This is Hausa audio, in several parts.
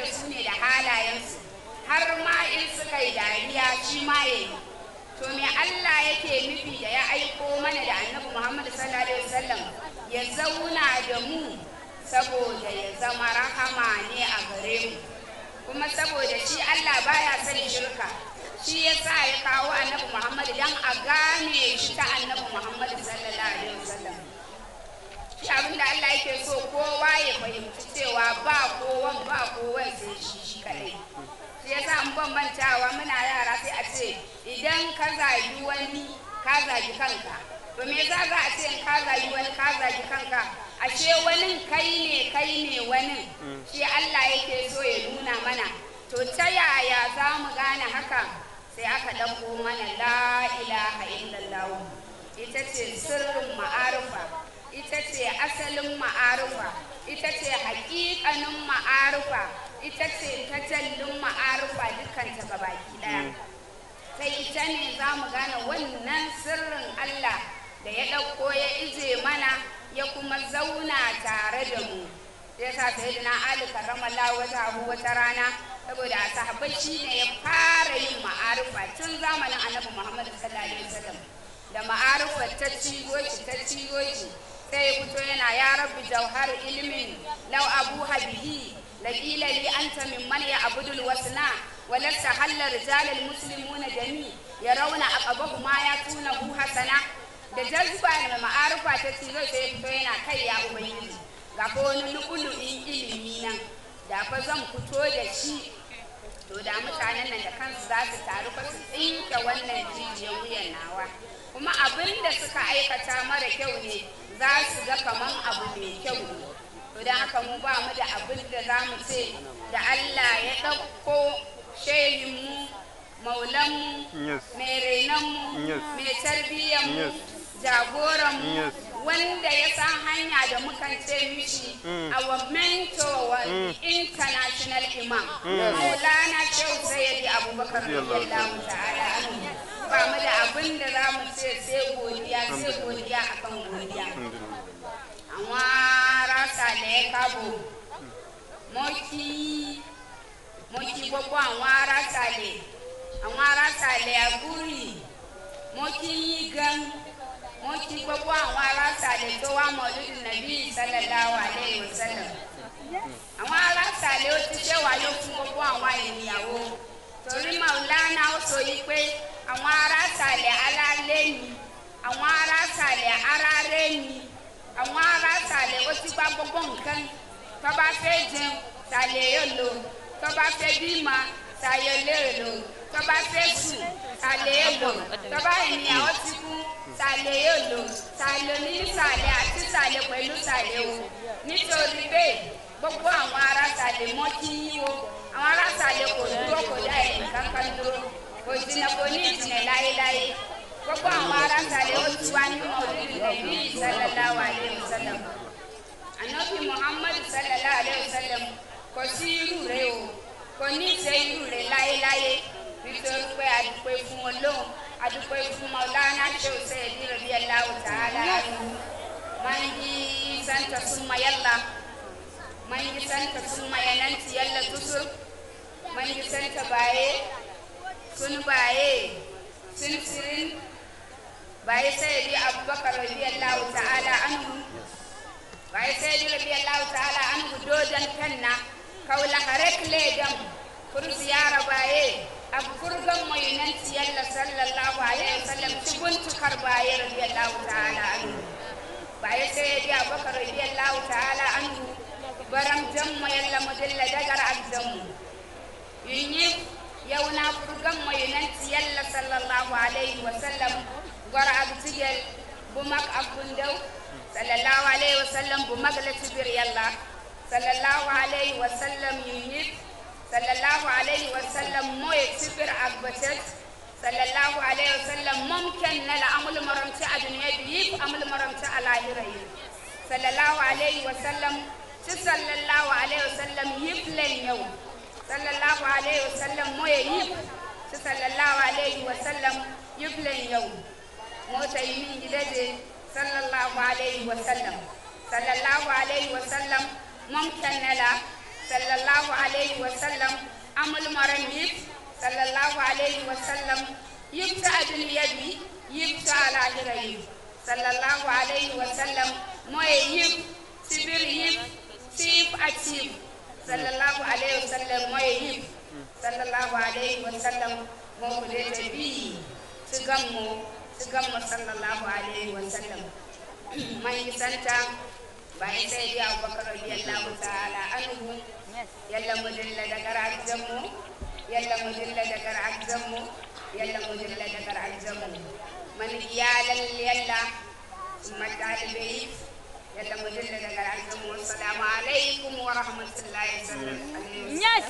da su ne da halayensu har ma in suka yi dariya shi ma ya yi to me Allah yake nufi da ya aiko mana da annabi Muhammad sallallahu alaihi wasallam ya zauna da mu saboda ya zama rahama ne a gare mu kuma saboda shi Allah baya son shirka shi ya sa ya kawo annabi Muhammad dan a gane shi ta annabi Muhammad sallallahu alaihi wasallam shi abin da Allah yake so kowa ya fahimci cewa ba kowan ba kowan sai shi shi kadai shi bambantawa muna yara sai a ce idan ka zagi wani ka zagi kanka to me za a ce ka zagi wani ka zagi kanka ashe wani kai ne kai ne wani shi Allah yake so ya nuna mana to ta yaya za mu gane haka sai aka ɗauko mana la ilaha illallah ita ce sirrin ma'arufa ita ce asalin ma'arufa ita ce haƙiƙanin ma'arufa ita ce tajallin ma'arufa dukkan ta baki ɗaya sai ita ne za mu gane wannan sirrin Allah da ya ɗauko ya ije mana ya kuma zauna tare da mu ya sa sai na Ali karramallahu wata wata rana saboda a sahabbai shi ne ya fara yin ma'arufa tun zamanin annabi muhammadu sallallahu alaihi wasallam da ma'arufa ta cigo shi ta cigo shi sai fito yana ya rabbi jauhar ilimin lau abu habihi laƙila li anta mimman ya abudul wasna walasta hallar musulmi na jami ya rauna a aqabahu ma ya tuna hu hasana da jazba da ma'arufa ta tilo sai fito yana kai ya ubangiji ga ko wani in ilimi nan da fa zan fito da shi to da mutanen nan da kansu za su taru fa su tsinke wannan jijiyar wuyan nawa kuma abin da suka aikata mara kyau ne za su ga kaman abu mai kyau to don haka mu ba mu da abin da za mu ce da Allah ya ɗauko shehinmu maulanmu mai rainanmu mai tarbiyyanmu mu wanda ya san hanya da mukan ce mishi mm. our mentor wa mm. international imam mm. maulana shehu sayyidi abubakar radiyallahu ta'ala ba mu da abin da za mu ce sai godiya sai godiya akan godiya amma rasa da ya kabo moki moki gbogbo àwọn arásàlẹ̀ àwọn arásàlẹ̀ àgúrì moki yi gan wọ́n kí gbogbo àwọn aráàtàlẹ̀ tó wá mọ̀lúdù nàbí sallallahu alaihi wasallam. àwọn aráàtàlẹ̀ ó ti ṣe wáyé fún gbogbo àwọn ènìyàwó torí Maulana ó sọ yìí pé àwọn aráàtàlẹ̀ alálẹ́ ni àwọn aráàtàlẹ̀ arárẹ́ ni àwọn aráàtàlẹ̀ ó ti gba gbogbo nǹkan tó fẹ́ jẹun tàlẹ̀ yóò lò tó fẹ́ bímọ tàyẹ̀ lè lò tọ́ba ṣẹ́kù ta lè lò tọ́ba ènìyàn ó ti kú ta lè yóò lò ta lè onísàlẹ̀ àti sàlẹ̀ pẹ̀lú sàlẹ̀ o nítorí bẹ́ẹ̀ gbogbo àwọn ará sàlẹ̀ mọ́ kí yín o àwọn ará sàlẹ̀ kò dúró kò dá ẹ̀ kankan dúró kò jìnnà kò ní ìjìnlẹ̀ láéláé gbogbo àwọn ará sàlẹ̀ ó ti wá ní mọ̀lúdìlẹ̀ ní sallallahu alaihi wasallam ànábì muhammadu sallallahu alaihi wasallam kò sí o kò ní ìṣe irú rẹ̀ láéláé. nítorí a adúpẹ́ fún ọlọ́run adúpẹ́ fún maulana shehu sayyidi radiyallahu ta'ala anhu mangi santa summa yalla mangi santa summa yananti yalla tusur mangi santa baye sun baye sun sirin baye sayyidi abubakar radiyallahu ta'ala anhu baye sayyidi radiyallahu ta'ala anhu dodan kanna kawla harek ledam kurus yara baye abgurgan mai nan tiyalla sallallahu alaihi wasallam cikin cikar baye radiyallahu ta'ala anhu baye sai ya biya bakar radiyallahu ta'ala anhu baram jamma yalla mudilla dagar mu. Yin yi yau na furgan mai nan tiyalla sallallahu alaihi wasallam gwar abtiyal bumak abundau sallallahu alaihi wasallam bumak latibir yalla sallallahu alaihi wasallam yi. sallallahu alayhi wa sallam moye sifir agbatet sallallahu alayhi wa sallam mom ken nala amul maramti aduniya bi amul maramti alahira yi sallallahu alayhi wa sallam ci sallallahu alayhi wa sallam yip len yow sallallahu alayhi wa sallam moye yip ci sallallahu alayhi wa sallam yip len yow motay min gidaje sallallahu alayhi wa sallam sallallahu alayhi wa sallam mom ken nala sallallahu alaihi wasallam amul maramit sallallahu alaihi wasallam abin yadi sallallahu alaihi wasallam yib sibir yib sif atib sallallahu alaihi wasallam yib sallallahu alaihi wasallam gonko lete bi sigammo sigammo sallallahu alaihi wasallam man bayan sai dai abubakar radiyallahu ta'ala anhu yalla mu dilla da karat zammu yalla mu dilla da karat zammu yalla mu dilla da karat zammu man iyalal yalla umma talibai yalla mu dilla da karat zammu assalamu alaikum wa rahmatullahi wa barakatuh yes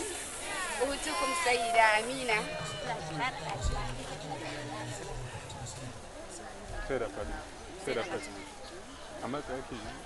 utukum sayyida amina sai da fadi sai da fadi amma ka yake yi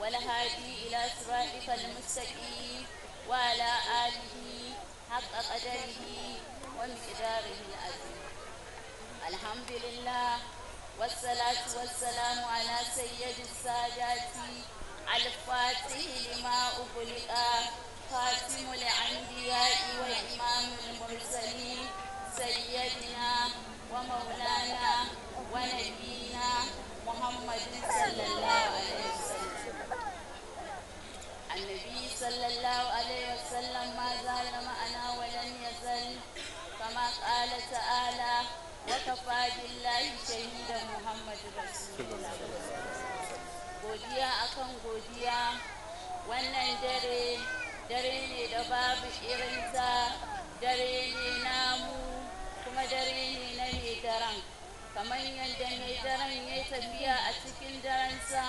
والهادي إلى صراطك المستقيم وعلى آله حق قدره ومقداره العظيم الحمد لله والصلاة والسلام على سيد السادات الفاتح لما أغلق خاتم الأنبياء وإمام المرسلين سيدنا ومولانا ونبينا محمد صلى الله عليه وسلم النبي صلى الله عليه وسلم ما زال معنا ولن يزل كما قال تعالى وكفى بالله شهيدا محمد رسول الله godiya akan godiya wannan dare dare ne da babu irinsa dare ne namu kuma dare ne na mai daren kamar yadda mai daren ya tafiya a cikin darensa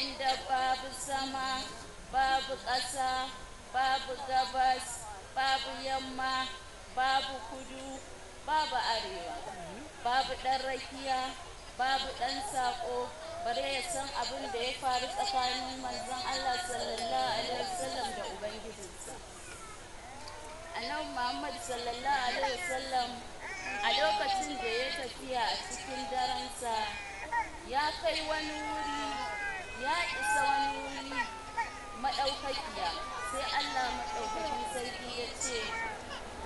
inda babu sama babu ƙasa babu gabas babu yamma babu kudu babu arewa babu ɗan rakiya babu ɗan saƙo bare ya san abin da ya faru tsakanin manzon Allah sallallahu alaihi wasallam da ubangijinsa annabi Muhammad sallallahu alaihi wasallam a lokacin da ya tafiya a cikin daransa ya kai wani wuri ya isa wani wuri madaukakiya sai Allah madaukakin sarki ya ce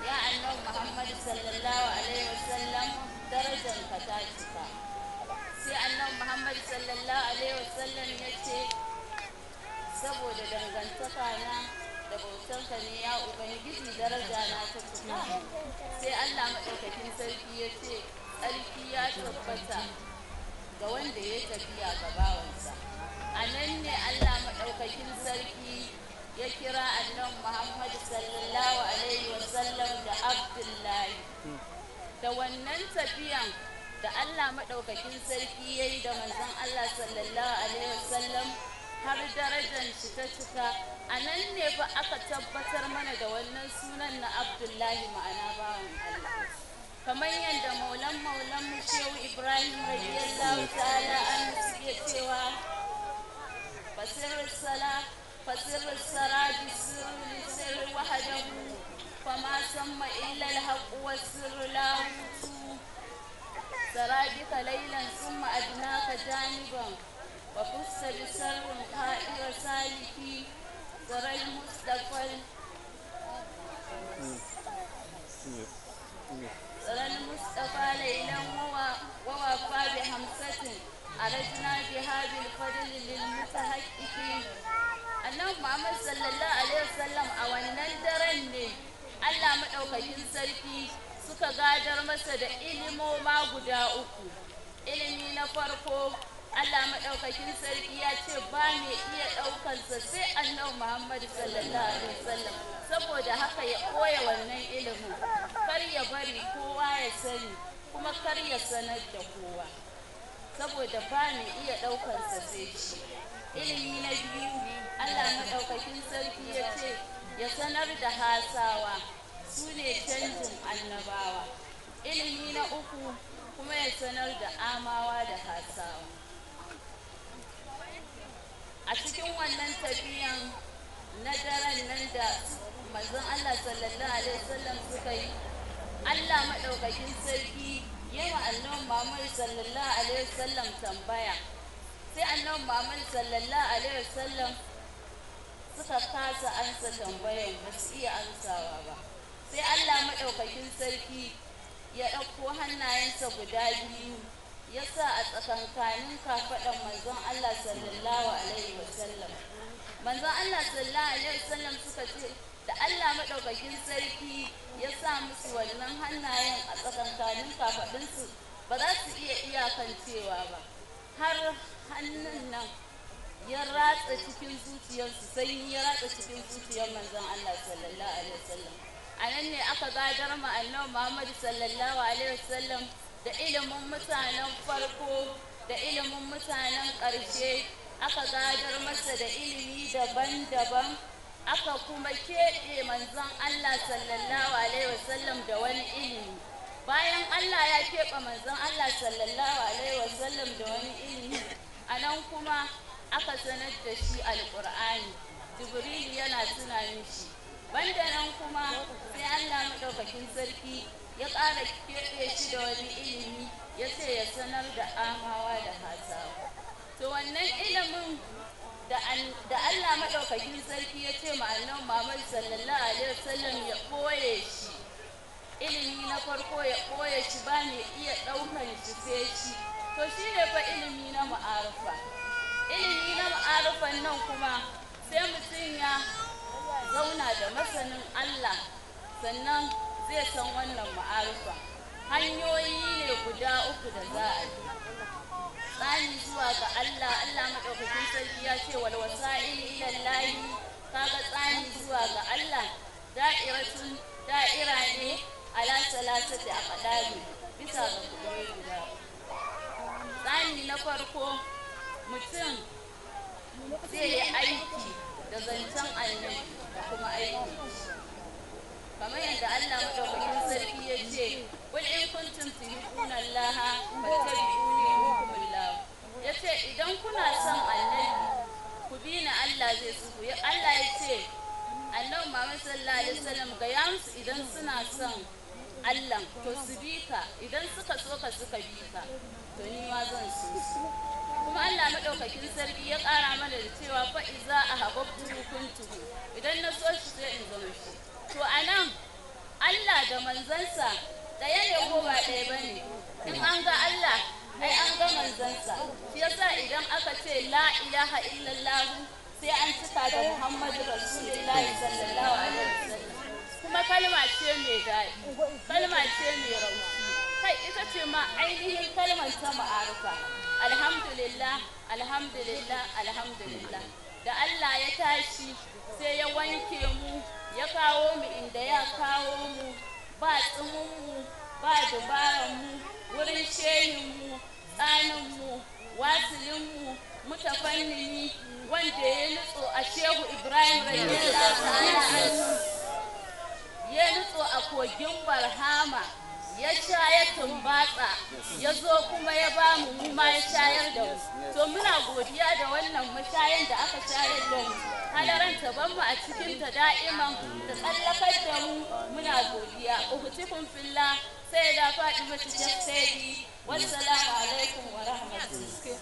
ya annabi Muhammad sallallahu alaihi wasallam darajar ka ta cika sai annabi Muhammad sallallahu alaihi wasallam ya ce saboda dangantaka na da ka ne ya ubangiji daraja na ta cika sai Allah maɗaukakin sarki ya ce sarki ya tabbata ga wanda ya tafiya ga bawansa a nan ne Allah maɗaukakin. kira annan Muhammadu sallallahu alaihi wasallam da Abdullahi. Da wannan tafiyan da Allah maɗaukakin sarki ya yi da manzon Allah sallallahu alaihi wasallam har darajan shi ta cika a nan ne fa aka tabbatar mana da wannan sunan na Abdullahi ma'ana bawan Allah. kamar yadda maulan maulan mu shehu Ibrahim radiyallahu ta'ala an suke cewa basirar sala فسر السراج السر للسر وحده فما سمى إلا الحق والسر له سراجك ليلا ثم أدناك جانبا وقص بسر قائل سالكي سرى المستقبل سرى المصطفى ليلا ووفى بهمسة أردنا بهذا بالفضل للمتحققين annabi Muhammad sallallahu alaihi wasallam a wannan daren ne Allah maɗaukakin sarki suka gadar masa da ilimoma guda uku ilimi na farko Allah maɗaukakin sarki ya ce ba ne iya ɗaukansa sai annabi Muhammad sallallahu alaihi wasallam saboda haka ya koya wannan ilimin kar ya bari kowa ya sani kuma kar ya sanar da kowa saboda ba ne iya ɗaukansa sai shi ilimi na biyu allah maɗaukakin sarki ya ce ya sanar da hasawa su ne canjin annabawa ilimi na uku kuma ya sanar da amawa da hasawa a cikin wannan tafiyan na daren nan da manzon allah sallallahu alaihi wasallam suka yi allah maɗaukakin sarki yawa annon mamur sallallahu alaihi wasallam tambaya sai annan mamun sallallahu alaihi wasallam suka kasa ansa tambayan ba su iya ansawa ba sai Allah maɗaukakin sarki ya ɗauko hannayensa guda biyu ya sa a tsakankanin kafaɗan manzon Allah sallallahu alaihi wasallam manzon Allah sallallahu alaihi wasallam suka ce da Allah maɗaukakin sarki ya sa musu wannan hannayen a tsakankanin kafaɗinsu ba za su iya iyakancewa ba har hannun nan ya ratsa cikin zuciyarsu sai ya ratsa cikin zuciyar manzon Allah sallallahu alaihi wasallam a nan ne aka gadar ma annabi Muhammad sallallahu alaihi wasallam da ilimin mutanen farko da ilimin mutanen ƙarshe aka gadar masa da ilimi daban-daban aka kuma keɓe manzon Allah sallallahu alaihi wasallam da wani ilimi bayan Allah ya keɓe manzon Allah sallallahu alaihi wasallam da wani ilimi a nan kuma aka sanar da shi alƙur'ani Jibril yana tuna mishi banda nan kuma sai allah maɗaukakin sarki ya ƙara keɓe shi da wani ilimi ya ce ya sanar da amawa da hasa to wannan ilimin da allah maɗaukakin sarki ya ce ma'anan mamar sallallahu alaihi wasallam ya ɓoye shi ilimi na farko ya ɓoye shi ba mai iya ɗaukan shi sai shi to shi ne fa ilimi na ma'arufa ilimi na ma'arufan nan kuma sai mutum ya zauna da masanin Allah sannan zai san wannan ma'arufa hanyoyi ne guda uku da za a bi tsani zuwa ga Allah Allah maɗaukakin sarki ya ce wal wasa'ili layi? lahi kaga tsani zuwa ga Allah da'iratun da'ira ne ala salasati aqdami bisa ga kudai guda uku tsari na farko mutum zai yi aiki da zancen annabi da kuma aiki kamar yadda Allah maɗaukakin sarki ya ce wal in kuntum tuhibbuna Allah fattabi'uni ya ce idan kuna son annabi ku bi ni Allah zai su ku Allah ya ce annabi Muhammad sallallahu alaihi wasallam ga yamsu idan suna son Allah to su bi ka idan suka so ka suka bi ka to ni ma zan so su kuma Allah madaukakin sarki ya ƙara mana da cewa fa iza a hababtu kuntuhu idan na so shi sai in zama shi to anan Allah da manzansa ɗaya ne ko ba ɗaya bane in an ga Allah ai an ga manzansa shi yasa idan aka ce la ilaha illallah sai an cika da Muhammadu Rasulullahi sallallahu alaihi wasallam kuma kalma ce mai daɗi kalma ce mai rauni kai ita ce ma ainihin kalmar ta ma'arufa alhamdulillah alhamdulillah alhamdulillah da Allah ya tashi sai ya wanke mu ya kawo mu inda ya kawo mu ba mu ba mu wurin mu shehinmu mu wasilinmu mutafannini wanda ya nutso a shehu ibrahim radiyallahu ya nutso a kogin barhama ya sha ya tumbatsa ya zo kuma ya ba mu ma ya shayar da mu to muna godiya da wannan mashayin da aka shayar da mu halaran ta ban mu a cikin ta da'iman ta tsallakar da mu muna godiya uhtikun filla sai da faɗi mata jassadi wassalamu alaikum wa rahmatullahi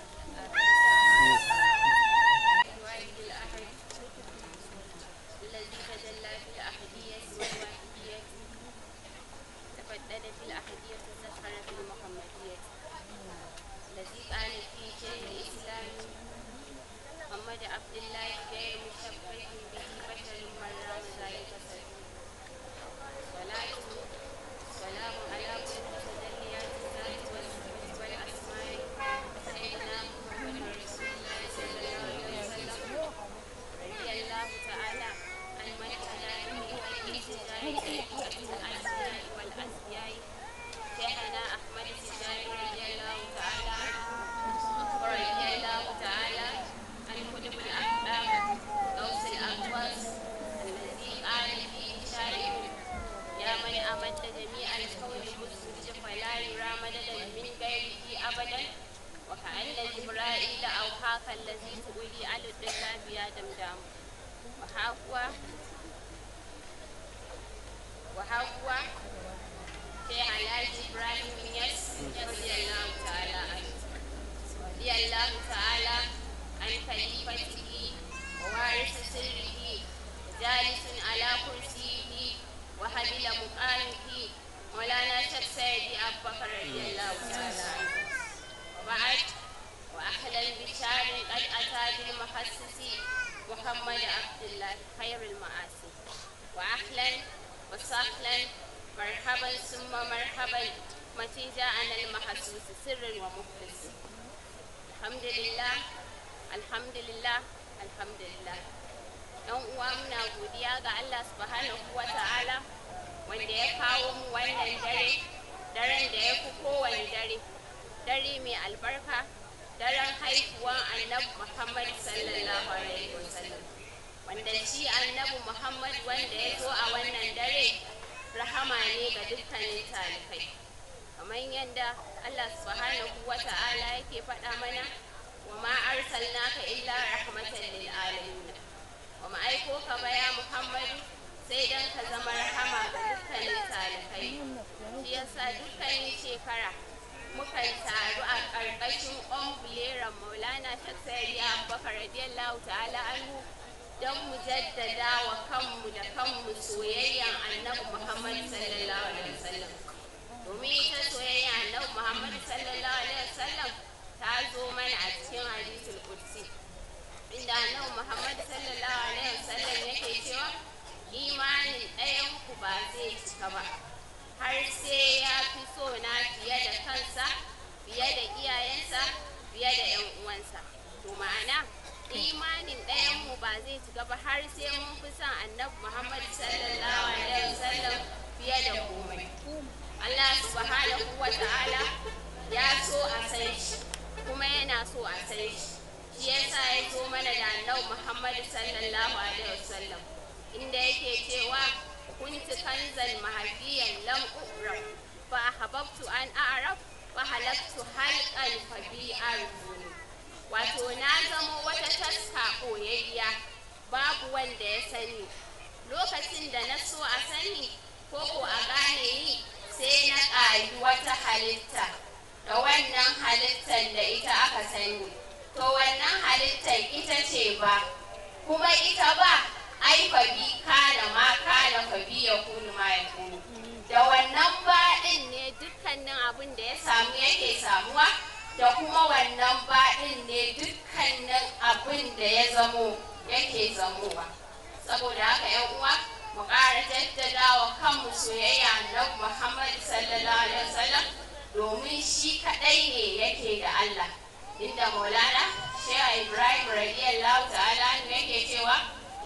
wato na zamo wata taska koyayya babu wanda ya sani lokacin da na so a sani ko ko a gane ni sai na ƙayi wata halitta da wannan halittar da ita aka sani to wannan halittar ita ce ba kuma ita ba ai ka da ma kana bi ya kunu ma ya kunu da wannan ba baɗin ne dukkanin abin da ya samu yake samuwa da kuma wannan baɗin ne dukkanin abin da ya zamo yake zamowa saboda haka yan uwa mu ƙara jaddada kanmu soyayya na muhammad sallallahu alaihi wasallam domin shi kaɗai ne yake da allah inda maulana shehu ibrahim radiyallahu ta'ala yake cewa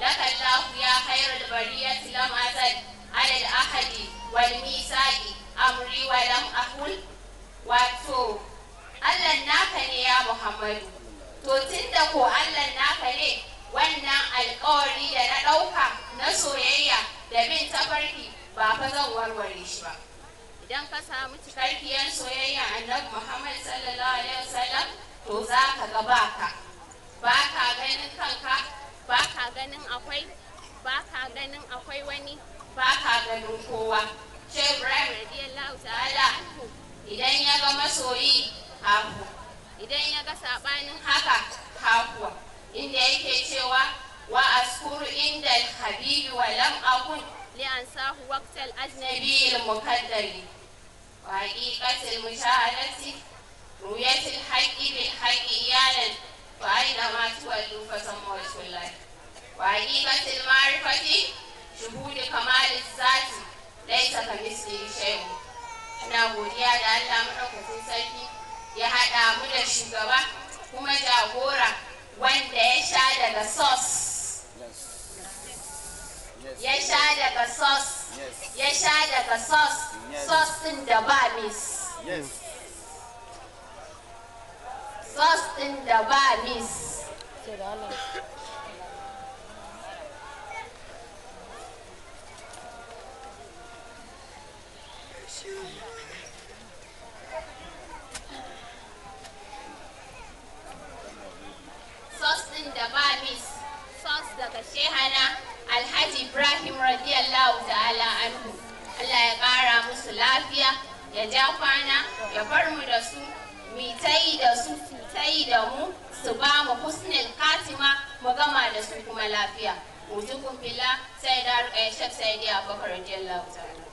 lafu ya khairul bariyati lam azal al ahadi wal misaqi amri wa lam aqul wato Allah naka ne ya Muhammadu to tunda ko Allah naka ne wannan alkawari da na ɗauka na soyayya da bin tafarki ba fa zan warware shi ba idan ka samu cikakkiyar soyayya annabi Muhammad sallallahu alaihi wasallam to za ka ga baka ba ka ganin kanka ba ka ganin akwai ba ka ganin akwai wani ba ka ganin kowa Shebrahim radiyallahu ta'ala idan ya ga masoyi haku idan ya ga saɓanin haka hakuwa inda yake cewa wa askuru inda habibi wa lam akun li'ansahu waqtal ajnabi al-mukaddari wa haqiqatil mushahadati ruyatil haqqi bil haqqi iyalan fa aina ma tuwallu fa samma wajhullah wa haqiqatil ma'rifati shuhudu kamalis zati laysa kamithlihi shay'un ana godiya da Allah madaukakin sarki ya haɗa mu da shugaba kuma jagora wanda ya sha daga sos ya sha daga sos ya sha daga sos sos ɗin da ba mis sos ɗin da ba mis Thank you. sos din da ba mis sos daga shehana alhaji ibrahim radiyallahu ta'ala anhu allah ya kara musu lafiya ya ja kwana ya bar mu da su mu yi da su yi da mu su ba mu husnul katima mu gama da su kuma lafiya wujukum billah sai da shek sai da abubakar radiyallahu ta'ala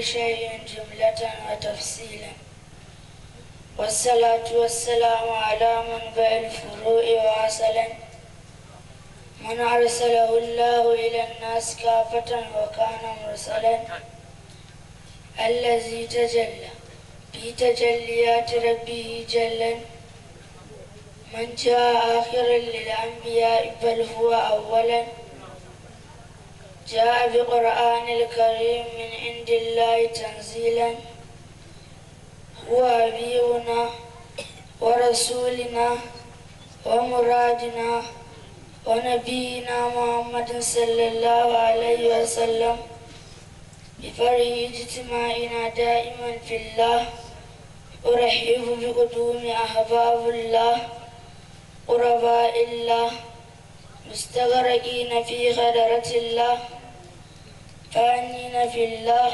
شيء جملة وتفصيلا والصلاة والسلام على منبع الفروع واصلا من أرسله الله إلى الناس كافة وكان مرسلا الذي تجلى تجليات ربه جلا من جاء آخرا للأنبياء بل هو أولا جاء بقرآن الكريم من عند الله تنزيلا هو أبينا ورسولنا ومرادنا ونبينا محمد صلى الله عليه وسلم بفرح اجتماعنا دائما في الله أرحب بقدوم أحباب الله قرباء الله مستغرقين في غدرة الله آمنين في الله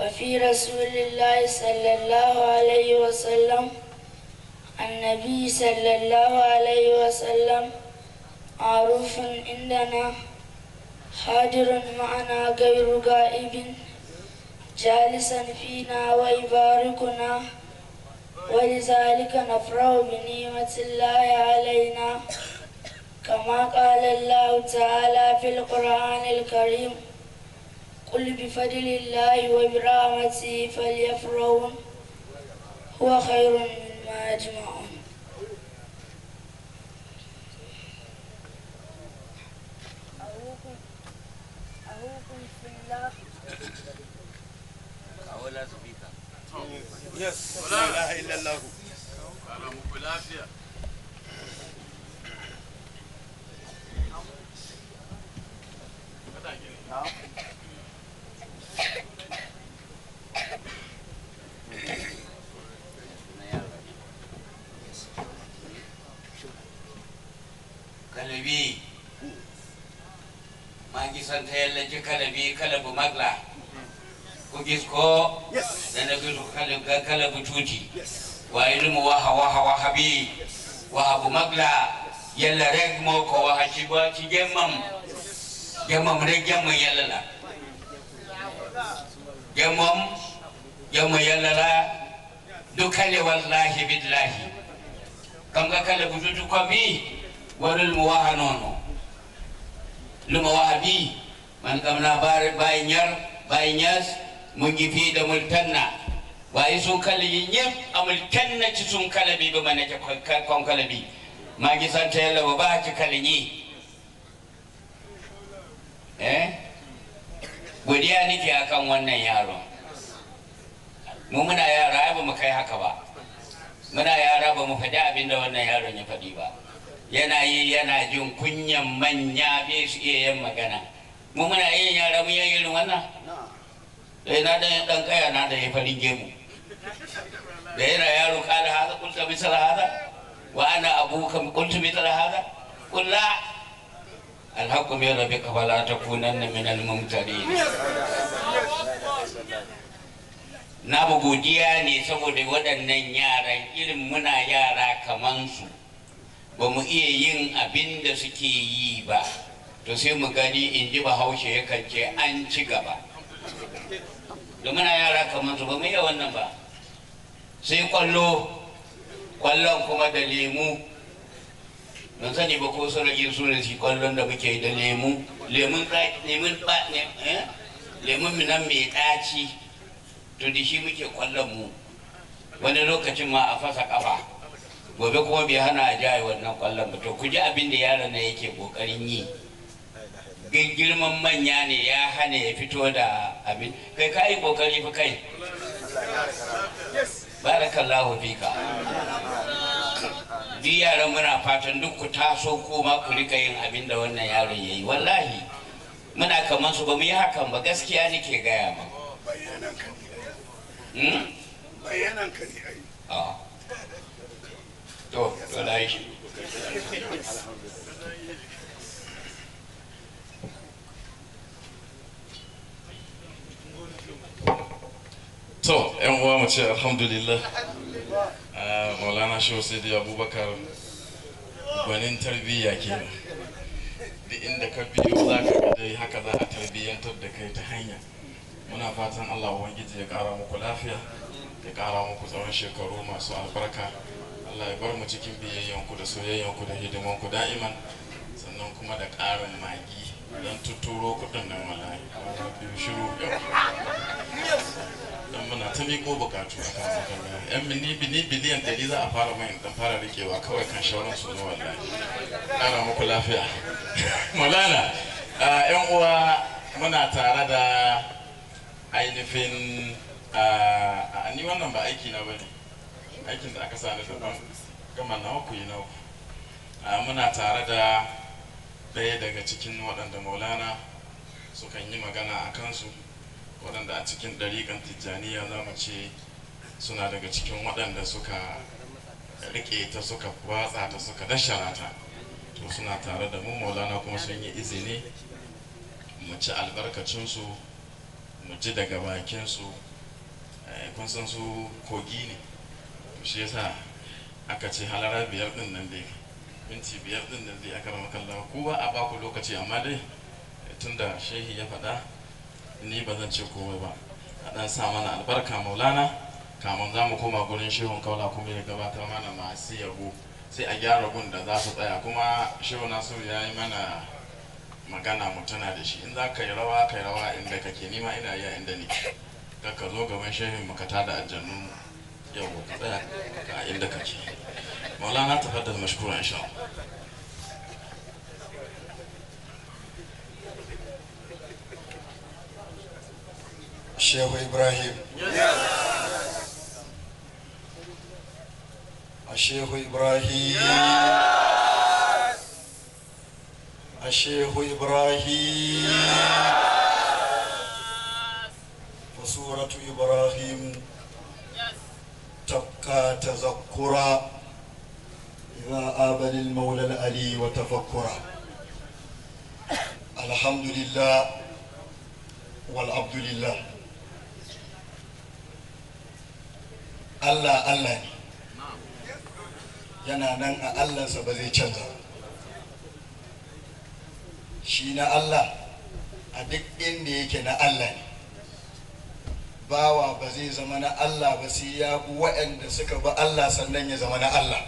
وفي رسول الله صلى الله عليه وسلم النبي صلى الله عليه وسلم معروف عندنا حاضر معنا غير غائب جالسا فينا ويباركنا ولذلك نفرح بنعمة الله علينا كما قال الله تعالى في القرآن الكريم قل بفضل الله وبرحمته فليفرحوا هو خير مما يجمعون Yes. La ilaha illallah. Salamu alaikum. kala bi maa ngi sant yàlla kala bi kala bu mag la ku gis ko dana gis kala bu tuuti waaye lu mu waxa waxa waxa bi waxa bu mag la rek moo ko waxa ci ba ci jëmmam rek jëmm yàlla la jëmmam jëmm yàlla la du kale wallahi billahi xam nga kala bu tuuti ko bi waril mu waha nono, luma waha bi man kam labare baye ñar baye ñas mo jifiiɗo mol tanna wawi sunkala yi kenn ci sun kala bi ɓe kon kala bi magi sante yalla ba, ci kala ñi eh godiya nake akan wannan yaron mu muna yara ba mu kai haka ba muna yara ba mu faɗi abin da wannan yaron ya faɗi ba yana yi yana jin kunyan manya bai su iya yin magana mu muna yin yara mu yin irin wannan sai eh, na dan dan kaya na da farin gemu da yana yaro kala haza kulta misal haza wa ana abuka kulta misal haza kulla alhaqqu min rabbika fala takunanna min al na godiya ne saboda waɗannan yaran irin muna yara kaman su ba mu iya yin abin da suke yi ba to sai mu gani in ji bahaushe ya kance an ci gaba da muna yara kamar su ba mu iya wannan ba sai kwallo kwallon kuma da lemu ban sani ba ko su rage su da shi kwallon da muke da lemu lemun lemun ba eh? lemun minan mai ɗaci to da shi muke kwallon mu wani lokacin ma a fasa kafa gobe kuma bai hana a jihar wannan kwallon ba to ku ji abin da yaron na yake kokarin yi girman manya ne ya hana ya fito da abin kai ka yi kokari fi kai barakallahu fika bi yaran muna fatan duk ku taso ko ma ku rika yin abin da wannan yaron yayi wallahi muna kaman su ba mu yi hakan ba gaskiya ke gaya ma To, ‘yan uwa mu ce alhamdulillah. Ah, Maulana Shehu Sidi Abubakar gwanin tarbiyya kenan. Duk inda ka biyo za ka dai haka za a tarbiyyantar da kai ta hanya. Muna fatan Allah Ubangiji ya ƙara muku lafiya, ya ƙara muku tsawon shekaru masu albarka. Allah ya bar mu cikin ku da ku da hidimanku da'iman sannan kuma da ƙarin magi don tuturo kuɗin nan wallahi biyu shiru yau dan muna ta miko bukatu a kan makalla yan bini bini biliyan ɗari za a fara mai dan fara rikewa kawai kan shawaran su ne wallahi ƙara muku lafiya malala yan uwa muna tare da ainihin a ni wannan ba aiki na bane aikin da aka sani gama nawa ku yi nawa muna tare da ɗaya daga cikin waɗanda maulana sukan yi magana a kansu waɗanda a cikin ɗariƙan tijjaniya za mu ce suna daga cikin waɗanda suka riƙe ta suka watsa ta suka dashara ta to suna tare da mu maulana kuma sun yi izini mu ci albarkacinsu mu ji daga bakinsu eh, kun san su kogi ne shi yasa aka ce halara biyar din nan dai minti biyar din nan dai aka rama kallawa ku ba a baku lokaci amma dai tun da shehi ya faɗa ni ba zan ce komai ba a ɗan sa mana albarka maulana kamar za mu koma gurin shehun kaula kuma ya gabatar mana masu yabo sai a gyara gun da za su tsaya kuma shehu nasu ya yi mana magana mutuna da shi in za ka yi rawa ka yi rawa inda kake nima ina a inda ne ka zo gaban shehin makata da tada yawwa tsaya ga inda kake maulana tafaddal mashkura insha Allah Sheikh Ibrahim yes. Sheikh Ibrahim yes. Sheikh Ibrahim yes. وسورة إبراهيم تبقى تذكرا إذا آبل المولى الألي وتفكرا الحمد لله والعبد لله Allah Allah ne yana nan a Allahnsa ba zai canza shi na Allah a duk inda yake na Allah ne bawa ba zai zama na Allah ba sai ya bu waɗanda suka ba Allah sannan ya zama na Allah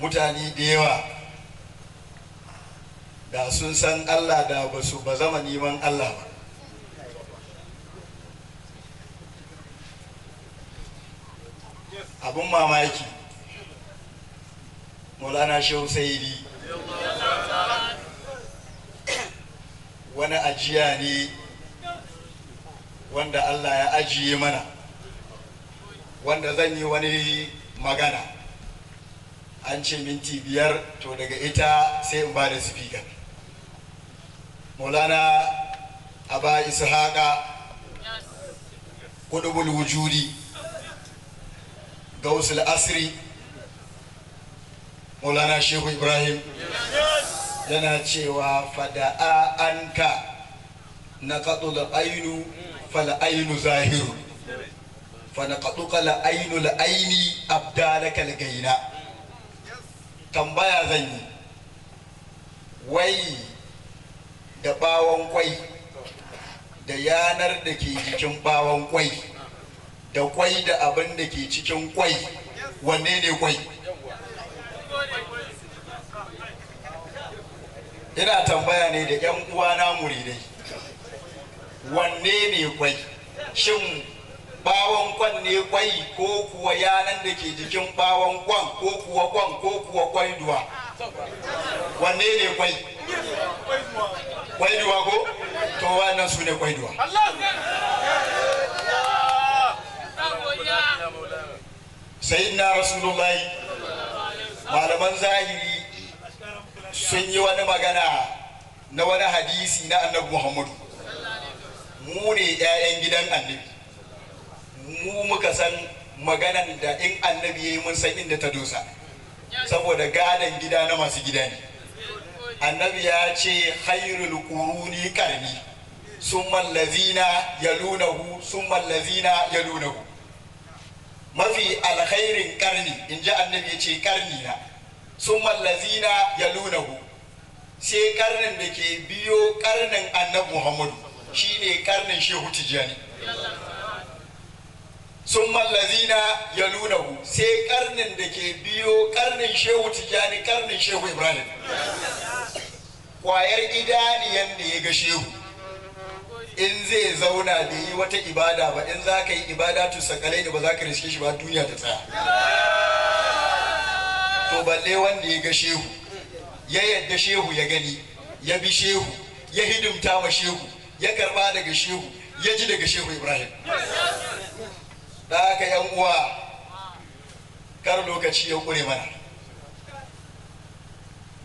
mutane da yawa da sun san Allah da ba su ba zama neman Allah ba abin mamaki maulana shehu sayidi wani ajiya ne wanda Allah ya ajiye mana wanda zan yi wani magana an ce minti biyar to daga ita sai in ba da speaker maulana aba ishaqa kudubul wujudi gausul asri maulana shehu ibrahim yana cewa fada'a anka na kaɗu la'ainu la'ainu zahiru fa na kaɗu ka la'ainu la'aini abdalaka gaina tambaya zan yi wai da ɓawon kwai da yanar da ke jikin ɓawon kwai da kwai da abin da ke cikin kwai wanne ne kwai ina tambaya ne da yan uwana muridai wanne ne kwai shin bawon kwan ne kwai ko kuwa yanan da ke jikin bawon kwan ko kuwa kwan ko kuwa kwai duwa, wanne ne kwai Kwai duwa ko to wannan su ne duwa sayyidina rasulullahi malaman zahiri sun yi wani magana na wani hadisi na annabi muhammadu mu ne 'ya'yan gidan annabi mu muka san maganan da in annabi ya yi mun san inda ta dosa saboda gadon gida na masu gida ne annabi ya ce hairul kuruni karni sun mallazina ya lunahu sun mallazina ya lunahu mafi alkhairin karni in ji annabi ya ce karni na sun mallazina ya lunahu sai karnin da ke biyo karnin annabi muhammadu shine karnin shehu tijjani sun mallazina ya lunahu sai karnin da ke biyo karnin shehu tijjani karnin shehu ibrahim kwayar idaniyan da ya ga shehu in zai zauna bai yi wata ibada ba in za ka yi ibada to da ba za ka riske shi ba duniya ta tsaya to balle wanda ya ga shehu ya yadda shehu ya gani ya bi shehu ya hidimta wa shehu ya karba daga shehu ya ji daga shehu ibrahim da aka yan uwa kar lokaci ya kure mana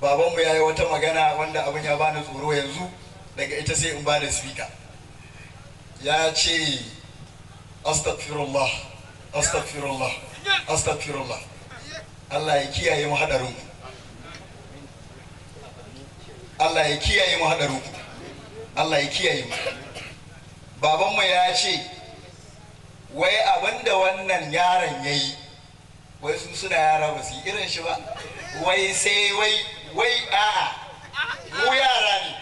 babanmu ya yi wata magana wanda abin ya bani tsoro yanzu daga ita sai in da speaker ya ce astagfirullah astagfirullah astagfirullah Allah ya kiyaye mu hadarin Allah ya kiyaye mu hadarin Allah ya kiyaye mu babanmu ya ce wai abinda wannan yaron yayi wai sun suna yara ba su irin shi ba wai sai wai wai a mu yara ne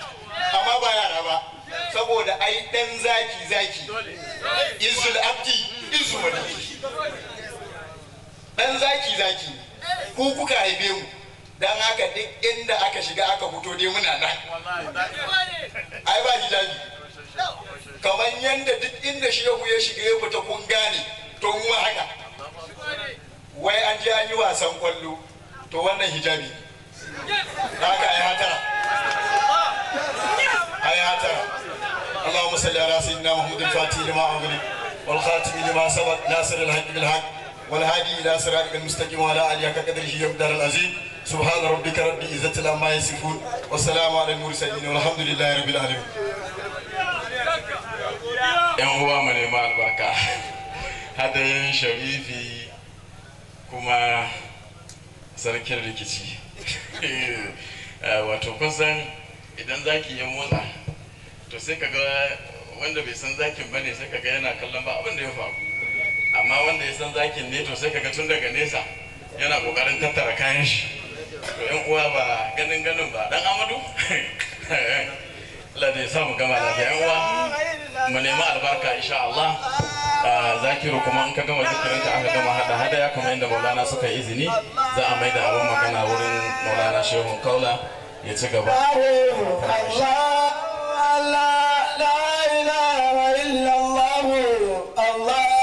amma ba yara ba saboda ai dan zaki zaki izul abdi izul abdi dan zaki zaki ku kuka haife mu dan haka duk inda aka shiga aka fito dai muna nan ai ba hijabi kamar yadda duk inda shehu ya shiga ya fita kun gane to mu haka wai an je an yi wasan kwallo to wannan hijabi da haka ai hatara ai hatara اللهم صل على سيدنا محمد الفاتح لما أغلق والخاتم لما سبق ناصر الحق بالحق والهادي إلى صراطك المستقيم وعلى آله كقدره يقدر العظيم سبحان ربك رب العزة عما يصفون والسلام على المرسلين والحمد لله رب العالمين yan uwa mu nema albarka hadayin sharifi kuma sarkin rikici wato kusan idan zaki ya motsa to sai kaga wanda bai san zakin bane sai kaga yana kallon ba abin da ya faru amma wanda ya san zakin ne to sai kaga tun daga nesa yana kokarin tattara kayan shi to yan uwa ba ganin ganin ba dan amadu Allah da ya samu gama lafiya yan uwa mu nemi albarka insha Allah ah, zakiru kuma in ka gama ka aka gama hada hada ya kamar inda maulana suka yi izini za a maida abin magana wurin maulana shehu kaula ya ci gaba Allah la ilaha illallah Allah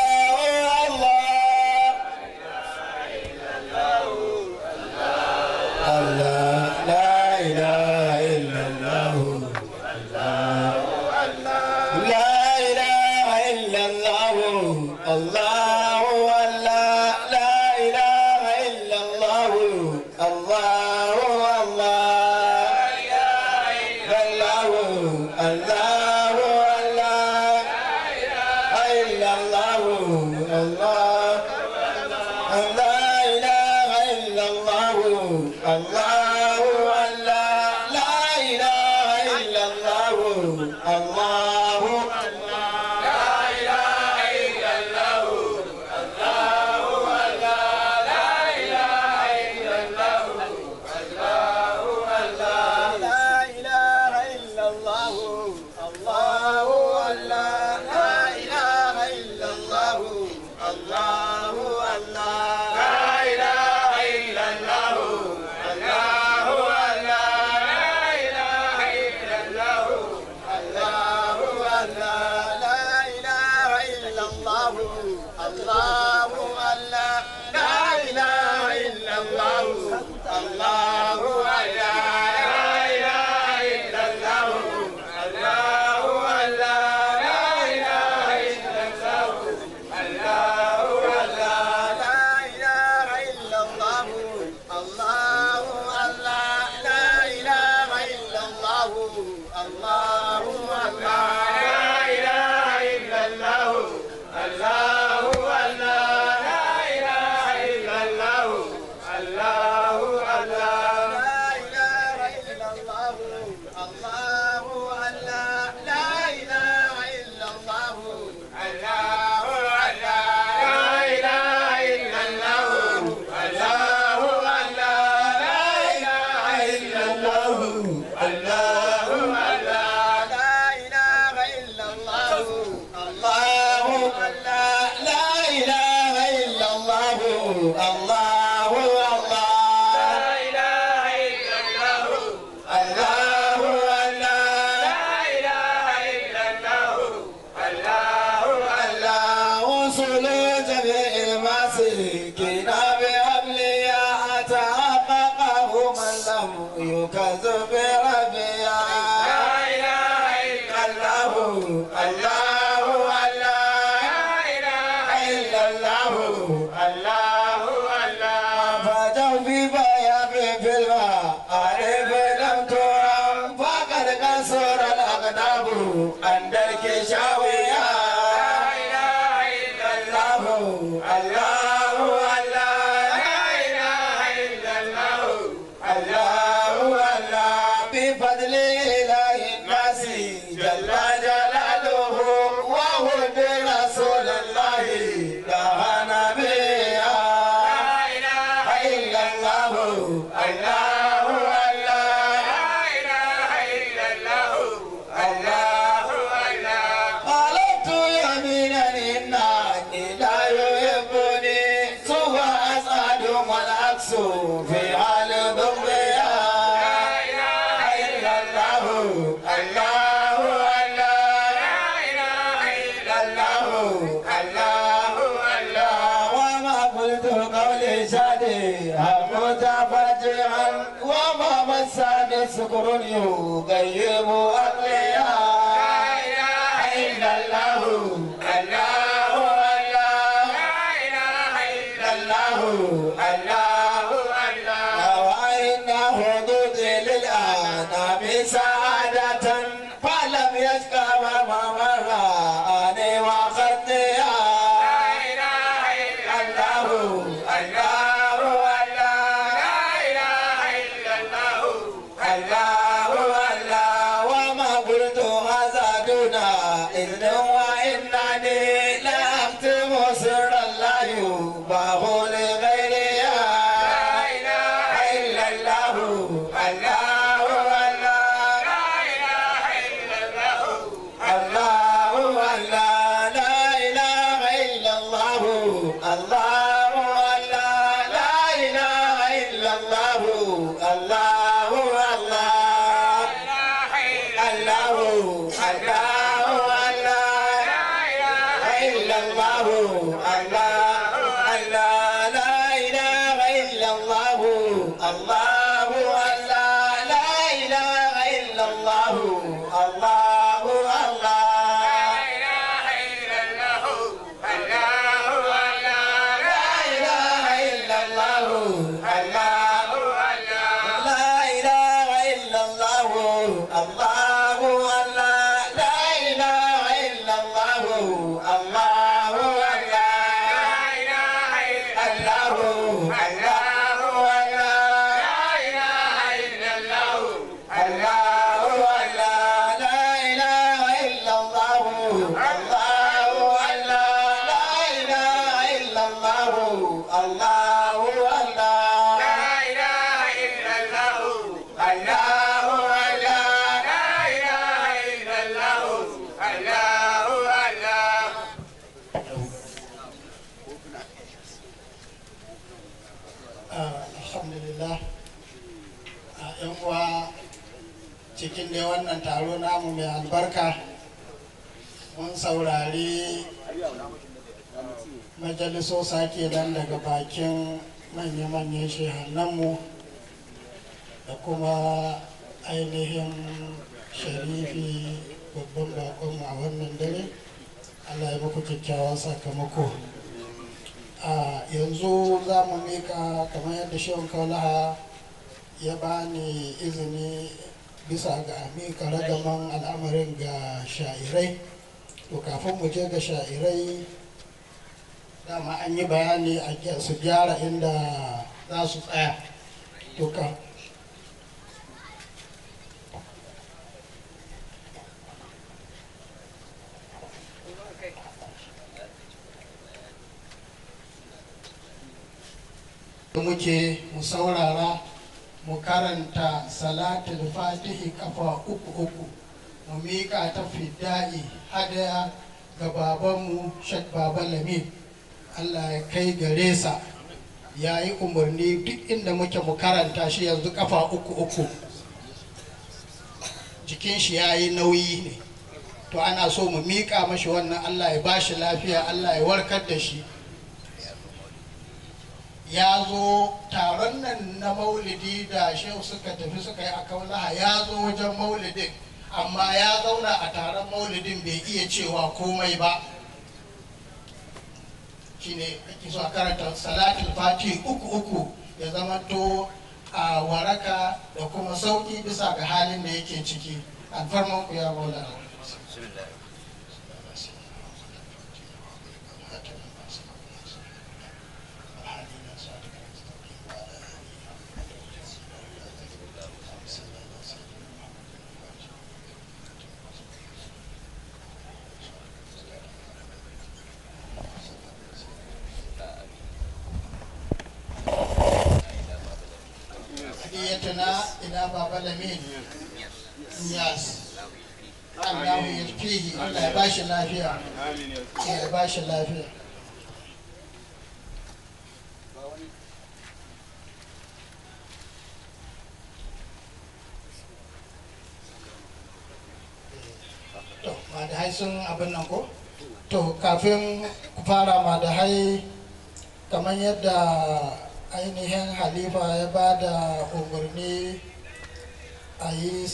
You got oh, dai wannan taro namu mai albarka mun saurari majalisosa kenan daga bakin manya-manyan shehannanmu da kuma ainihin sharifi babban bakonmu a wannan dare allah ya muku kyakkyawan sakamako a yanzu za mu mika kamar yadda shehun kaulaha ya bani izini bisa ga amika ragaman al'amarin ga sha'irai to kafin mu je ga sha'irai dama an yi bayani a su gyara inda za su tsaya to ka. muke mu saurara mu karanta salatul fatihi kafa uku uku mu miƙa ta fidda'i hadaya ga babanmu shek baba lamin allah ya kai gare sa ya yi umarni duk inda muke mu karanta shi yanzu kafa uku uku jikin shi ya yi nauyi ne to ana so mu miƙa mashi wannan allah ya bashi lafiya allah ya warkar da shi ya zo taron nan na maulidi da shehu suka tafi suka yi a kaulaha ya zo wajen maulidin amma ya zauna a taron maulidin bai iya cewa komai ba ne ake so a karanta salatul fati uku uku ya zama to a waraka da kuma sauki bisa ga halin da yake ciki alfarmanku ya maulana Abbas Allah ya fihi Allah ya bashi lafiya ya bashi lafiya to ma da hai sun abin nan ko to kafin ku fara ma da hai kamar yadda ainihin halifa ya ba da umarni a yi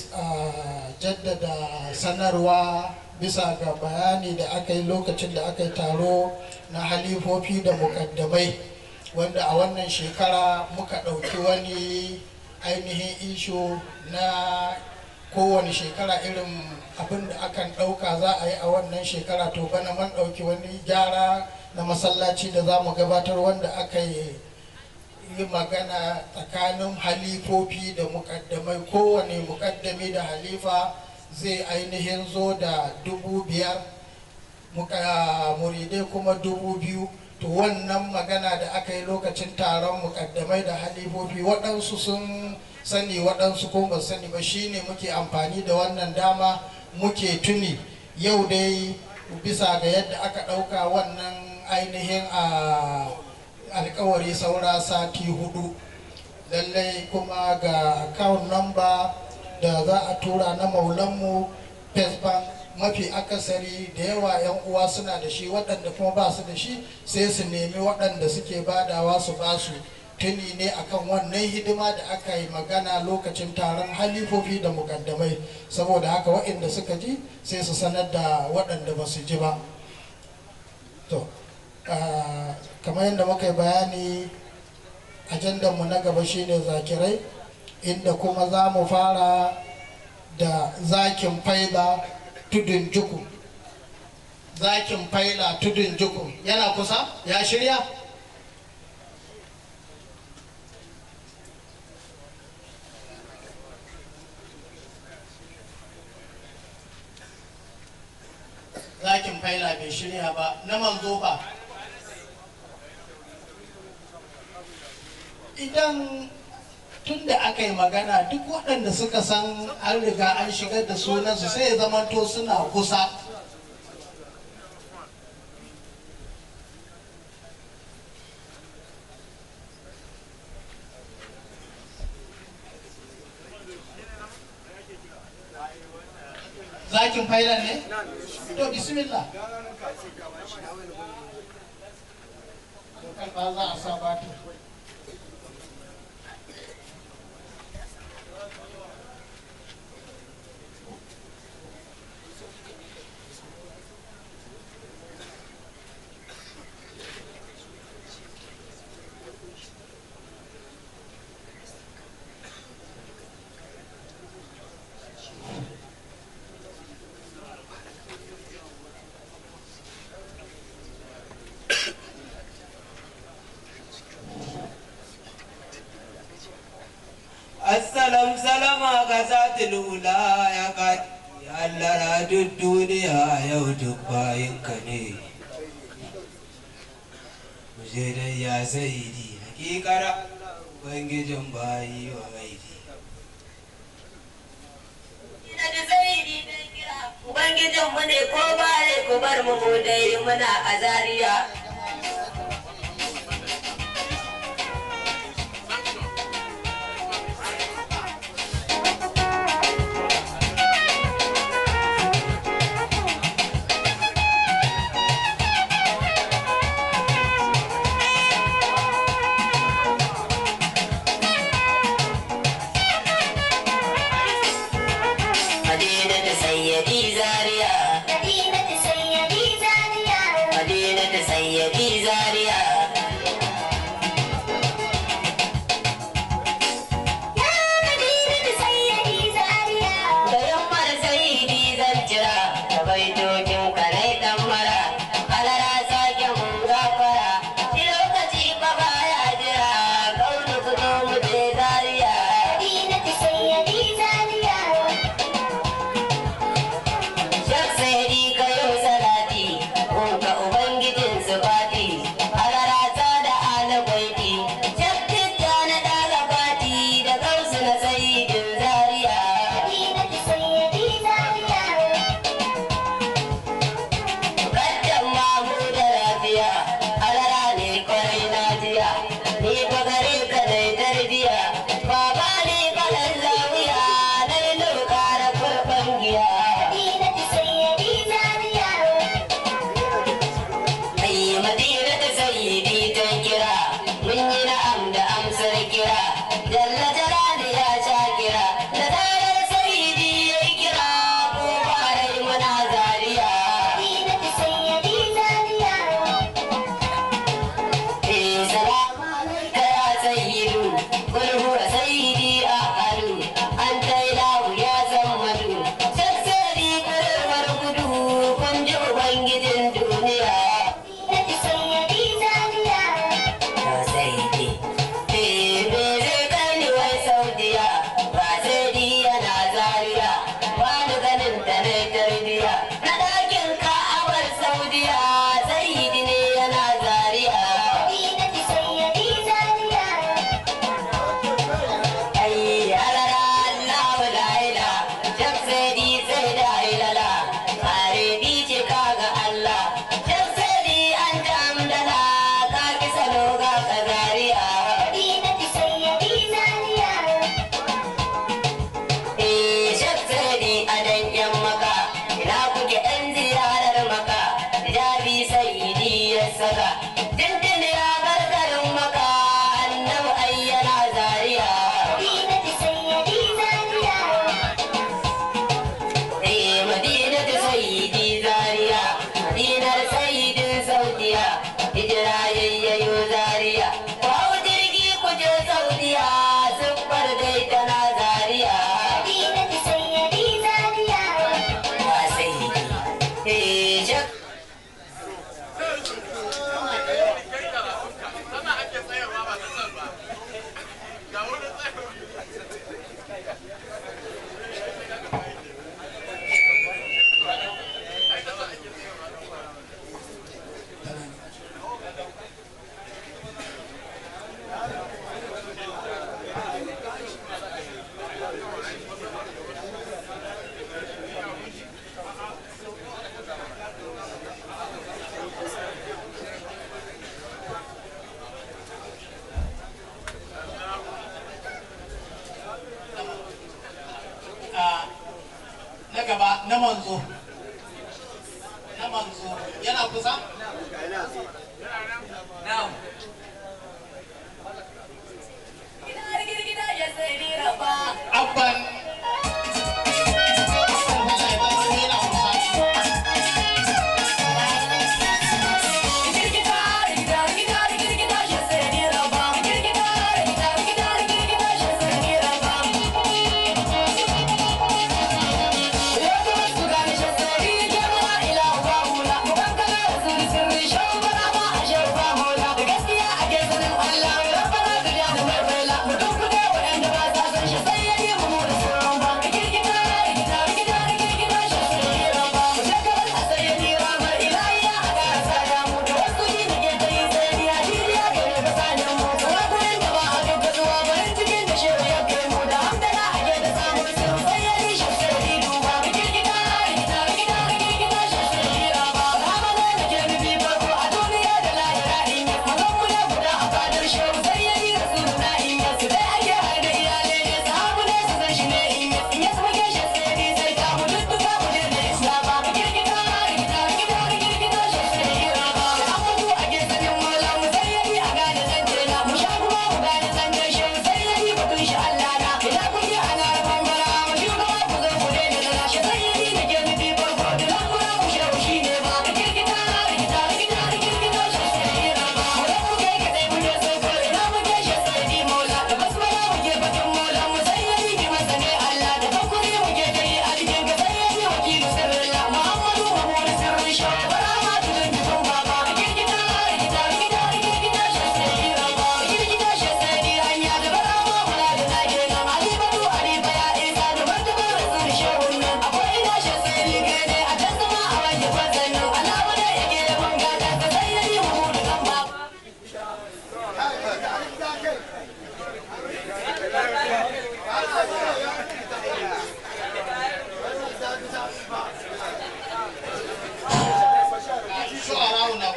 jaddada sanarwa bisa ga bayani da aka yi lokacin da aka yi taro na halifofi da mukaddamai wanda a wannan shekara muka ɗauki wani ainihin isho na kowane shekara irin abin da akan ɗauka za a yi a wannan shekara to bana man ɗauki wani gyara na masallaci da za mu gabatar wanda aka yi yi magana tsakanin halifofi da mukaddamai kowane mukaddami da halifa zai ainihin zo da dubu biyar muridai kuma dubu biyu to wannan magana da aka yi lokacin taron mukaddamai da halifofi waɗansu sun sani waɗansu kuma ba sani ba shine muke amfani da wannan dama muke tuni yau dai bisa ga yadda aka ɗauka wannan ainihin a ah, alkawari saura sati hudu lallai kuma ga account number da za a tura na maulanmu bank mafi akasari da yawa 'yan uwa suna da shi waɗanda kuma ba su da shi sai su nemi waɗanda suke badawa su ba su tuni ne akan wannan hidima da aka yi magana lokacin taron halifofi da mukaddamai saboda haka waɗanda suka ji sai su sanar da waɗanda ba su ji ba to Ah, kamar yadda muka yi bayani mu na gaba shine zakirai inda kuma za mu fara da zakin faida tudun juku zakin faila tudun juku yana kusa ya shirya zakin faila bai shirya ba na manzo ba idan tun da aka yi magana duk waɗanda suka san an riga an shigar da sunansu sai ya zamanto suna kusa zakin failan ne? to bismillah ba za a sa السلام سلام غزات الأولى يا قد يا الله راد الدنيا يا ودباين كني مجد يا سيدي حقيقة ubangijin bayi wa mai mu ne ko ba ku bar mu dai muna a zariya la la la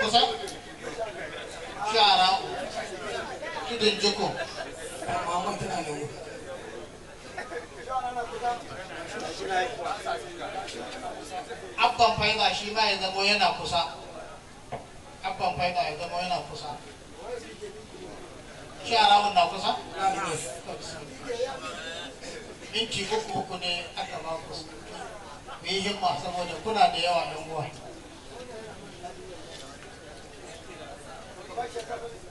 kusa shara tudun jiko abban faida shi ma ya yana kusa abban faida ya yana kusa kusa minti uku uku ne aka ba yi himma saboda kuna da yawa yan uwa vai chegar no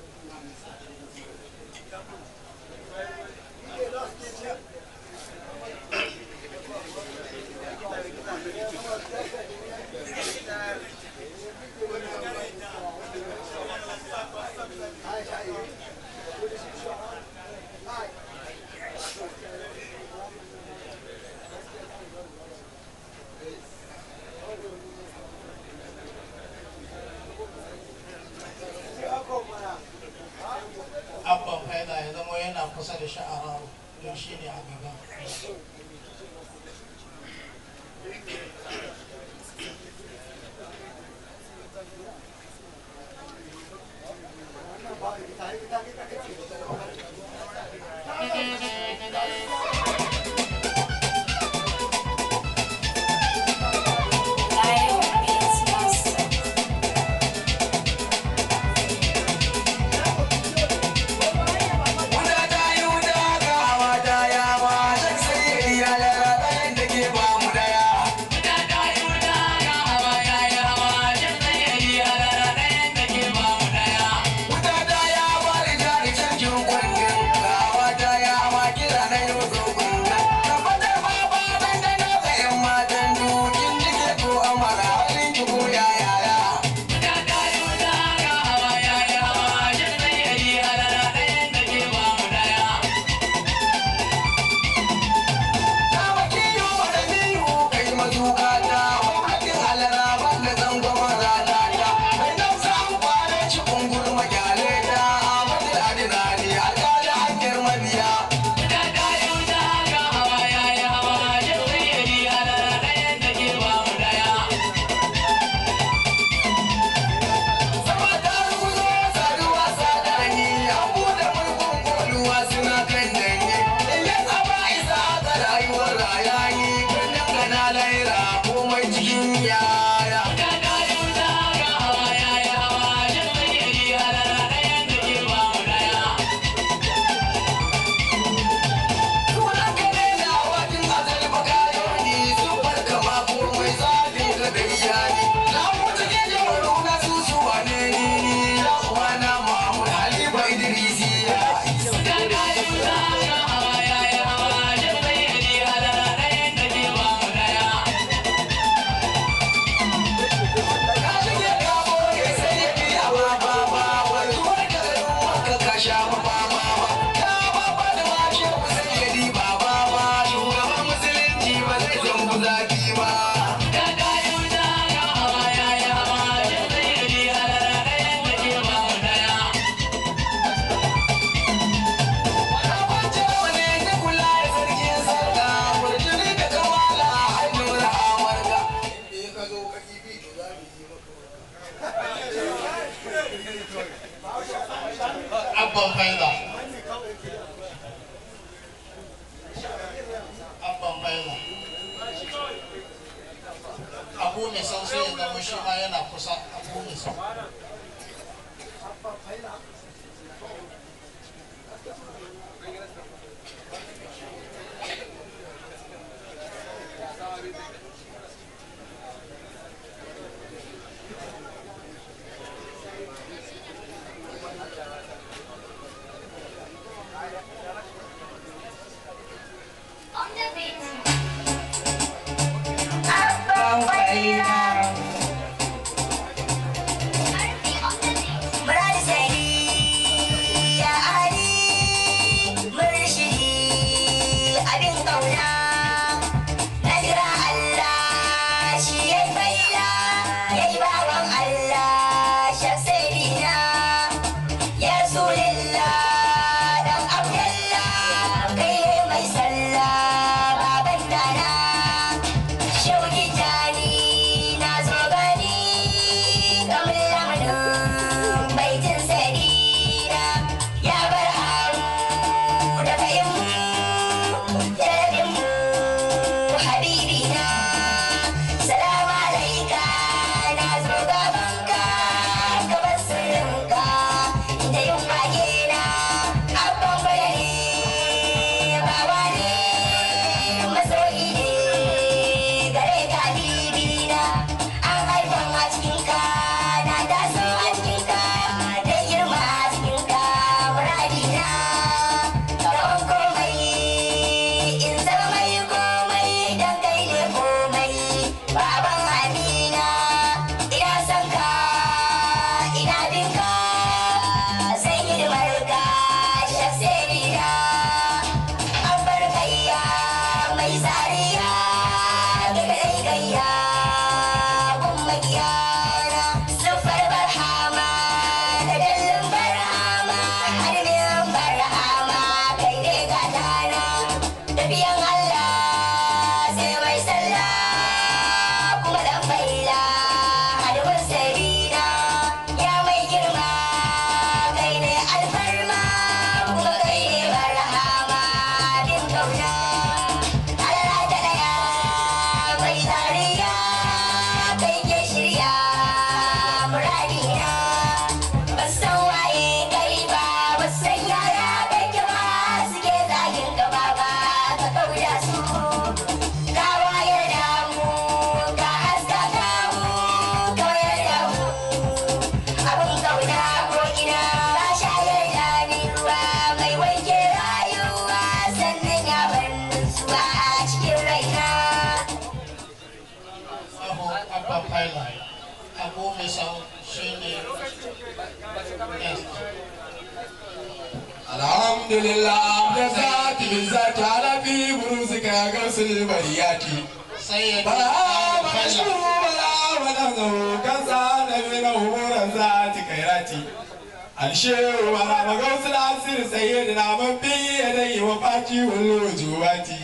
shehu marama gausul asir sayyid na mabbi yadai wa faki wal wujuwati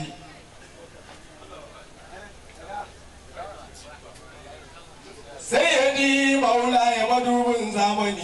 sayyidi maula ya madubin zamani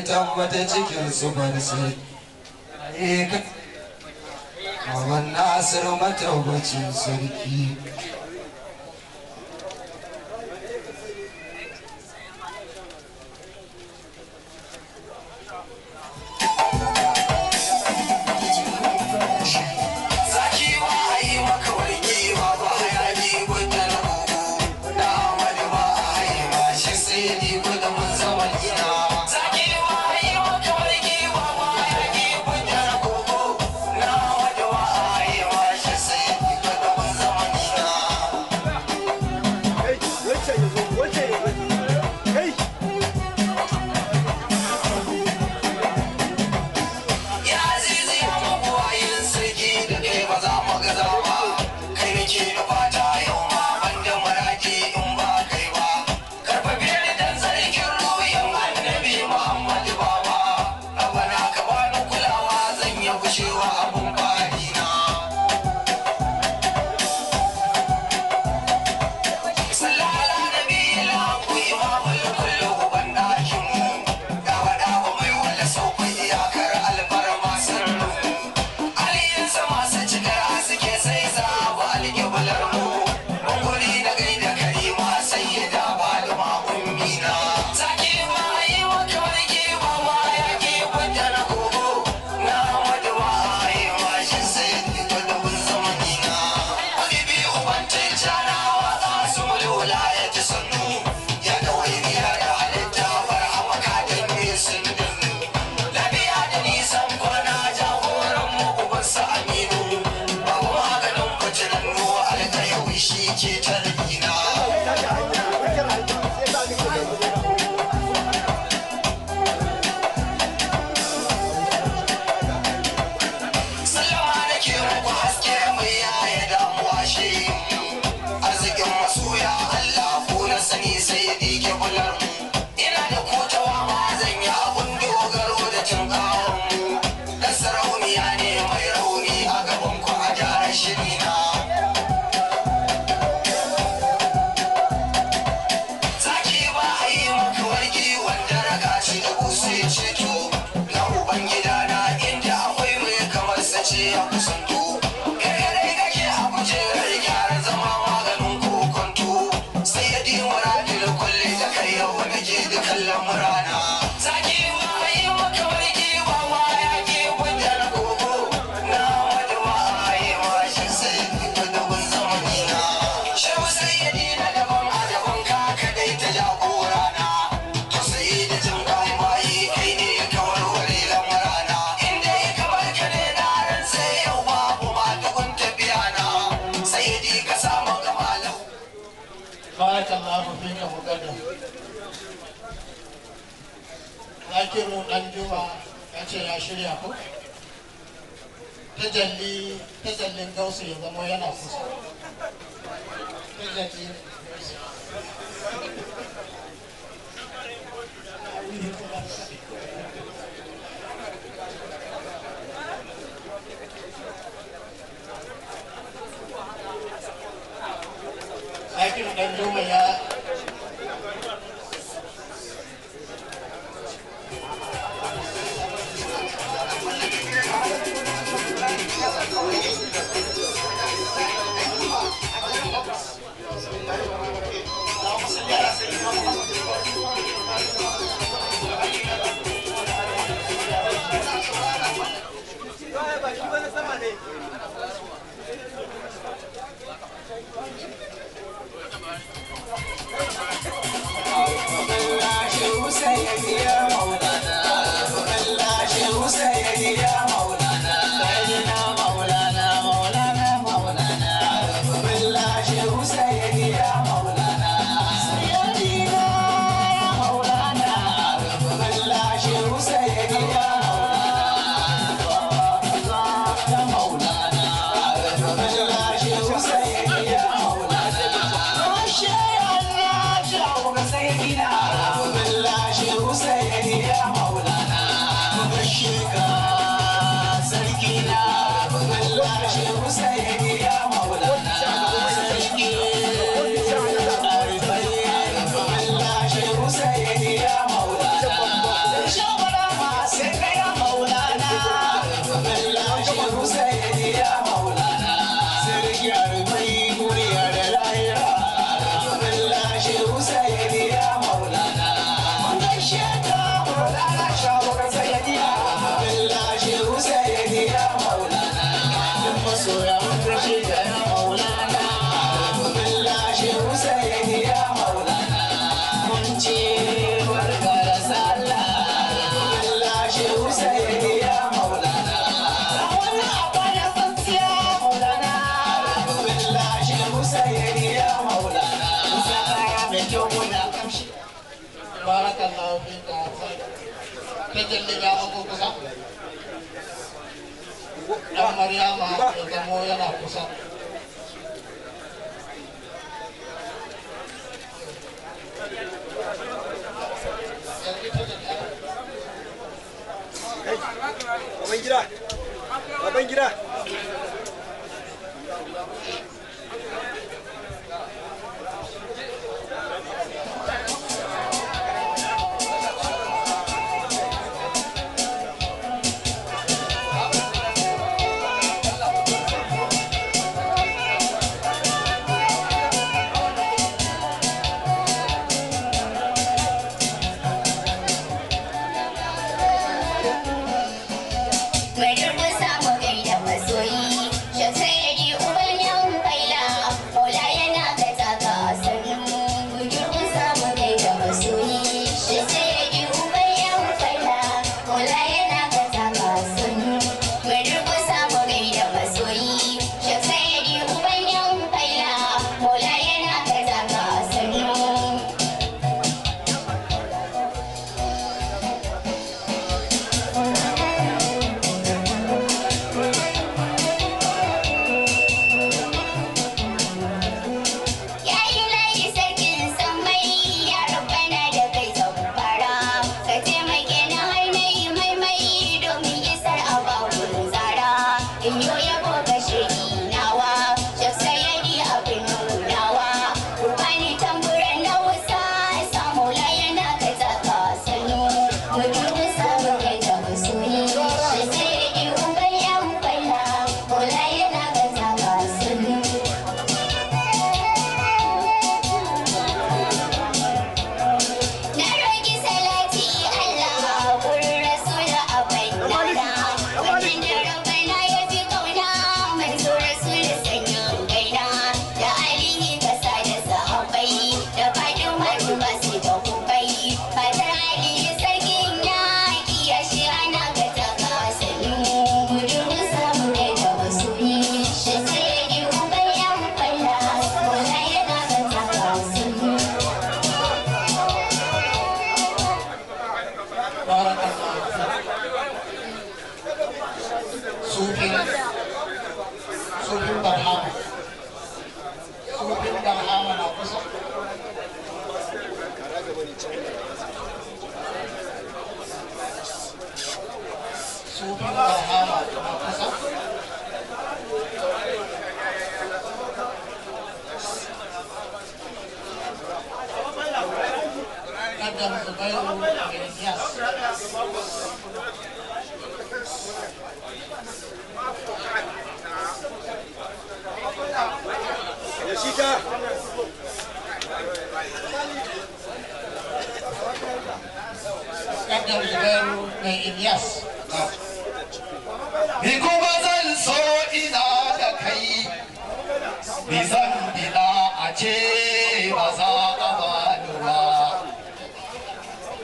ya tabbata cikin su barsi a wannan eh, asir matawacin sarki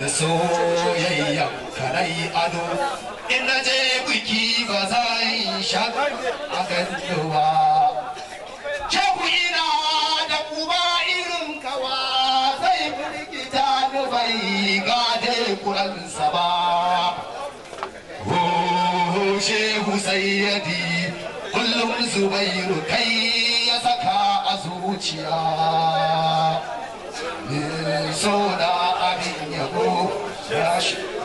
da soyayya kadai ado Ina je biki ba za yi shakar a ba shehu ina da uba irin kawa zai firgita ni bai gade kuransa ba shehu husayyadi kullum zubairu kai ya saka a zuciya eh, so da Jawohl, ja, schön.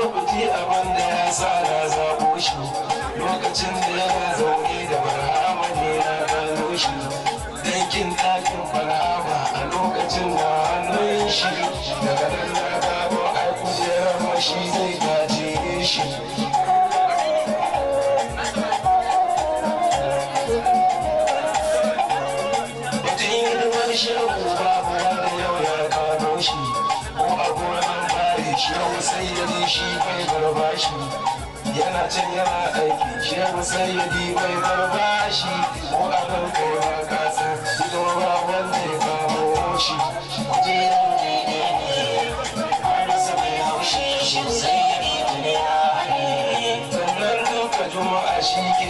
Lokaci abin da ya sa za zaɓo shi lokacin da yana zaune da can yana aiki shehu sayyadi bai barbashi ko abin kaiwa kasan ido ba wanda ya kawo shi ne ne ne wani mai haushi sayyadi wani ya duka juma'a shi ke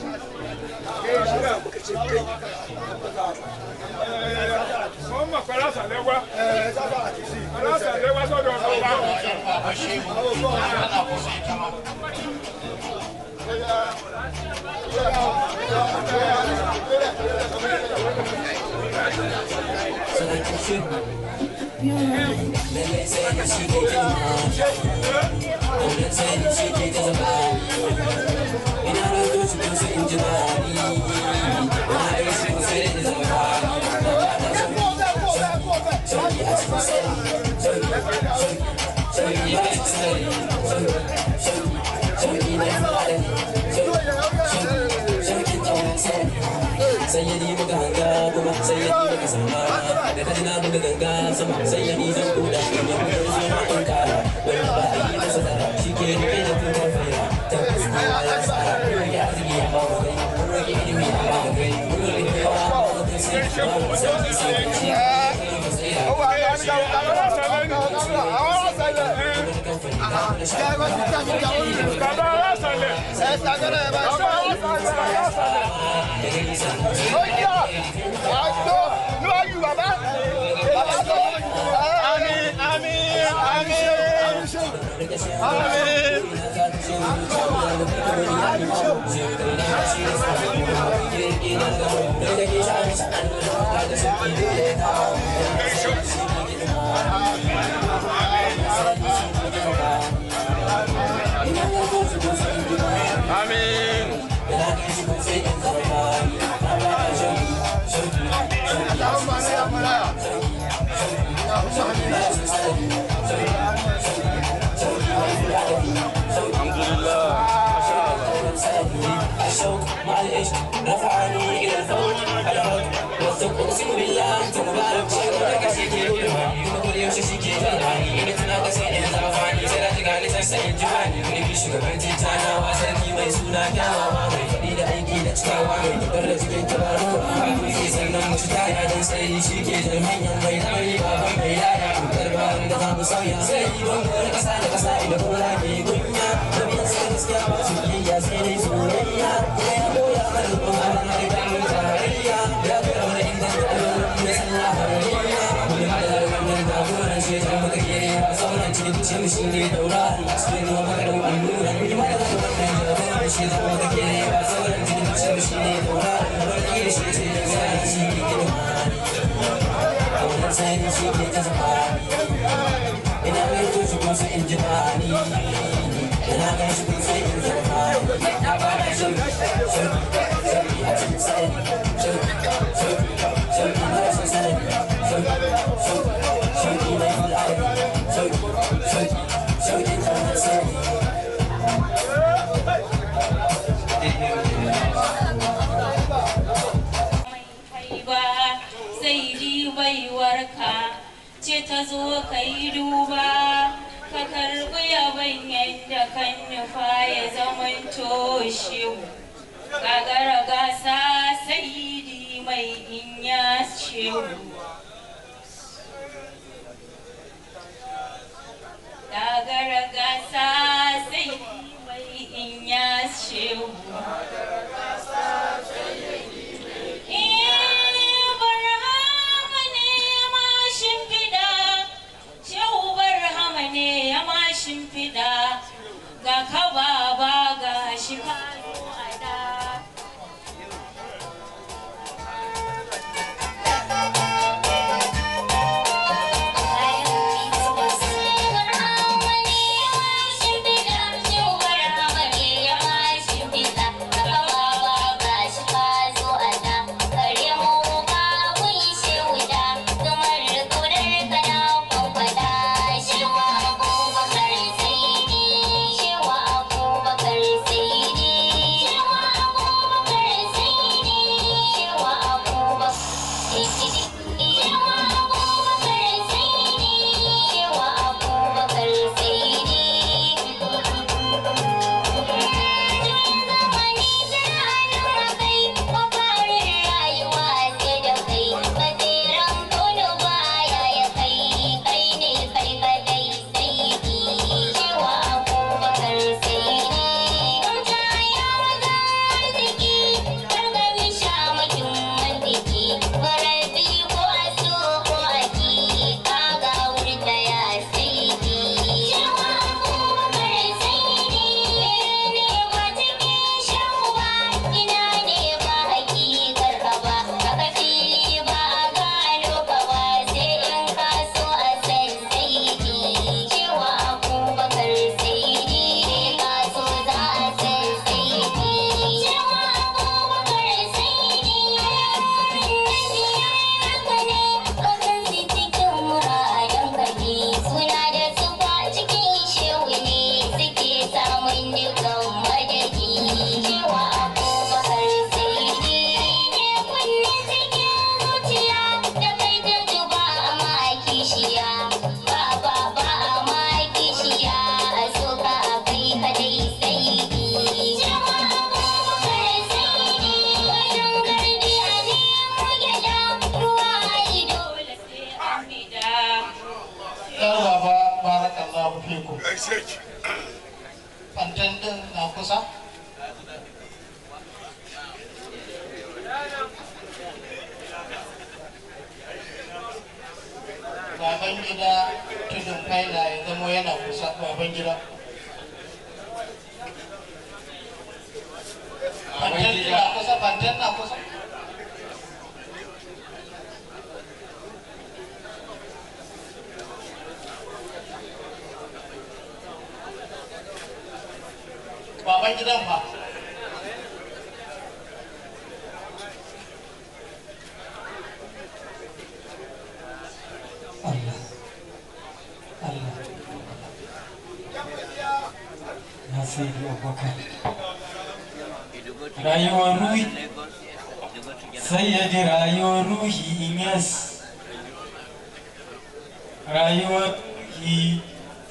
mọ̀ pé alásàlẹ́wá alásàlẹ́wá sọ̀dọ̀ ọ̀dọ̀ wa. Let me tell you, she did it about. ina roƙo shi don su in ji daɗi na aiki shi kun sai da zama fara sauki a cikin sai sauki a cikin sai sauki na fara sauki tsawon sai sai ya nemi ga hanga kuma sai ya nemi ga kuma da ta na kuma ganga sama sai ya kuma zan kuda ya nemi kuma kara wani ba a yi masa kuma shi ke nemi da kuma Amen. Amen. Amen. العالمين الحمد لله الشوق مع العشق رفعني الى الفوق العود والثق اقسم بالله انت مبارك شكرك شيكي كل يوم شيكي جلعني نتناقش عن الضعف عني سرتك على تنسى الجواني shugabar titanawa wasanni mai suna kyawawa mai faɗi da aiki da cikawa mai fitar da cikin tabarau a kuke sannan mu ta ya don tsayi shi ke jan hanyar mai nauyi baban mai yaya fitar bayan da za mu sauya sai yi bango na ƙasa da ƙasa idan kola ke kunya da biyan sa gaskiya ba su kiyayya sai dai soyayya kuma ya koya mana kuma da harkar mu tarayya ya koya mana inganta alwalan mu mai sallah harayya mu da hadarin wannan jagoran shi ta muka ke sauran cikin shi ne daura sai ce ta zo ka yi duba ka karɓi abin yadda kan nufa ya zamanto shehu gagara gasa sayidi mai inya shehu gagara gasa sayidi mai inya shehu gagara gasa sayidi mai inya ne ya mashin fiɗa ga kaba ba ga shi kano a da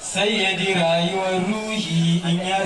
sai ya ji rayuwar ruhi in ya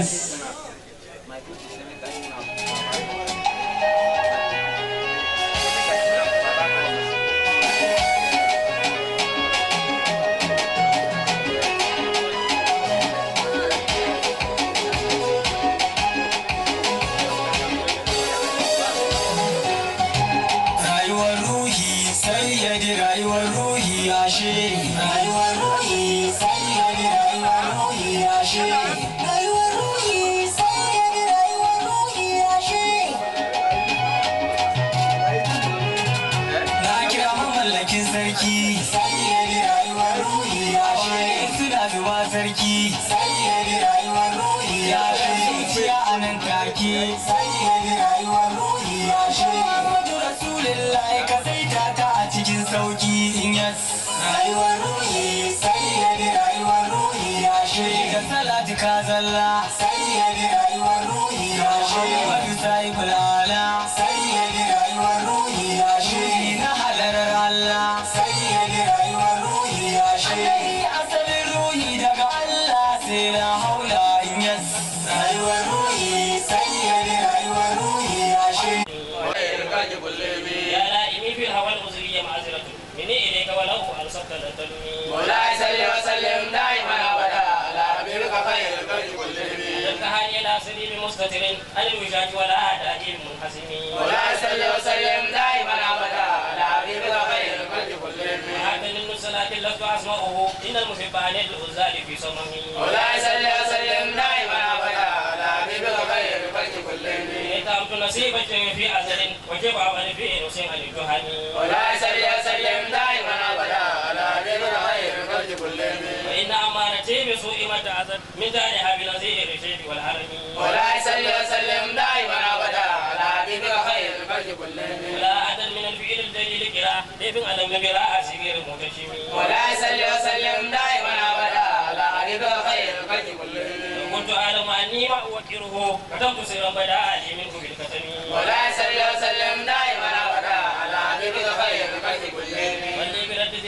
الحجاج ولا تاج المنقسم ولا يصلي وسلم دائما ابدا على حبيبك خير الخلق كلهم هذا من صلاة اللفظ اسمعه ان المحب عن الغزال في صممه ولا يصلي وسلم دائما ابدا على حبيبك خير الخلق كلهم نتمت نصيبة في ازل وجب عمل في نصيحة للجهني ولا يصلي وسلم دائما ابدا على حبيبك خير كل وإن أمانتي بسوء متعزت من دارها بنظير الشيب والحرم ولا يسلي وسلم دائما أبدا على حبيبك خير البرد كلهم ولا عدد من الفعل الدليل كلا ليف ألم بقراءة سبيل مكشم ولا يسلي وسلم دائما أبدا على حبيبك خير البرد كلهم كنت أعلم أني ما أوكره كتبت سرا بداء لي منه بالكتم ولا يسلي وسلم دائما أبدا على حبيبك خير البرد كلهم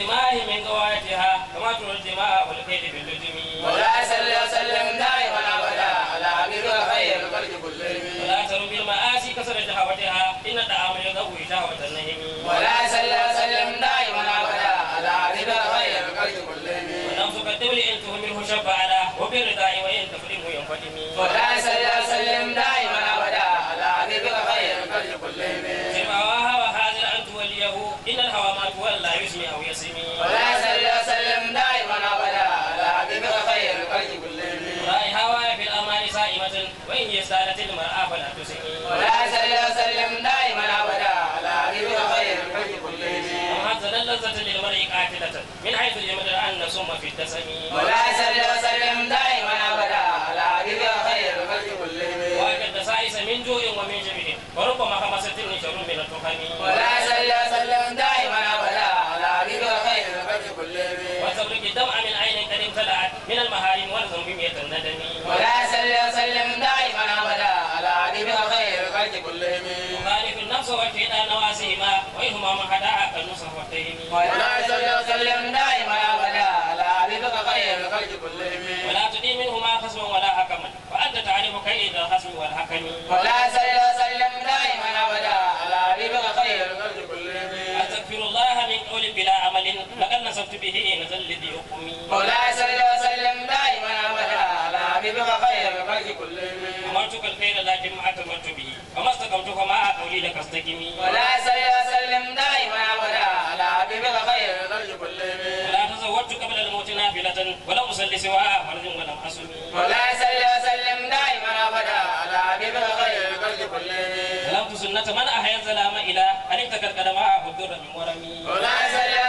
الماء من قواتها كما ترى الدماء والخيل باللجم ولا يسل وسلم دائما ابدا على امير الخير البرد كلهم ولا ترى بالمآسي كسر شهوتها ان الطعام يقوي شهوة النهم ولا يسل وسلم دائما ابدا على امير الخير البرد كلهم ونفسك الدول ان تهمله شفعلا وبالرضا وان تفرمه ينفتم ولا يسل وسلم دائما وإن يسالت المرأة فلا تسئني ولا سلم دائما أبدا على حبيبك خير الحج كلهم وهذا للمرء قاتلة من حيث يمر أن ثم في الدسم ولا سل دائما أبدا على حبيبك خير الحج كلهم وقد سائس من جوع ومن جبه وربما خمست شر من التخم ولا سل وسلم من المهارم والهمم يتندني ولا سل سلم دائما أبدا على عدم الخير خلق كلهم مخالف النفس والشيطان واسيما وإنهما من خدعا كالنصح والتهم ولا سل سلم دائما أبدا على عدم الخير خلق كلهم ولا تدي منهما خصما ولا حكما وأنت تعرف كيد الخصم والحكم ولا سل سلم دائما أبدا على عدم الخير خلق كلهم أستغفر الله من قول بلا أمل به إن غلد يقمي مولاي صلى الله عليه وسلم دائما أبدا على حبيبك خير الخلق كلهم أمرتك الخير لكن ما أتمرت به وما استقمتك ما قولي لك استقمي مولاي صلى الله عليه وسلم دائما أبدا على حبيبك خير الخلق كلهم ولا تزوجت قبل الموت نافلة ولم أصلي سواها فرد ولم أصوم مولاي صلى الله عليه وسلم دائما أبدا على حبيبك خير الخلق كلهم سلمت سنة من أحيا الظلام إلى أن ابتكر قدمها الدر من ورمي مولاي صلى الله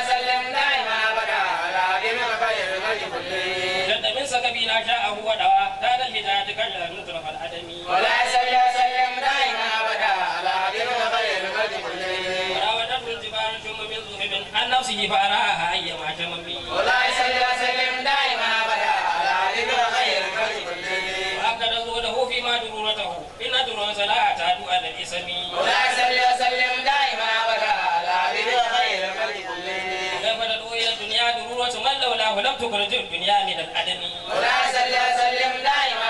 ما شاء هو دواء زاد الهداية كلا نطرف العدم ولا سيا سيا دائما أبدا على عدل وغير المرد كله وراودته الجبال شم من ذهب عن نفسه فأراها أيما شمم ولا سيا سيا دائما أبدا على عدل وغير المرد كله وأكد زهده فيما درورته إن درورة لا تعد على الإسم ولا سيا سيا دائما أبدا على عدل وغير المرد كله كيف تدعو إلى الدنيا درورة من لولاه لم تخرج الدنيا من الأدم ولا سلى دائما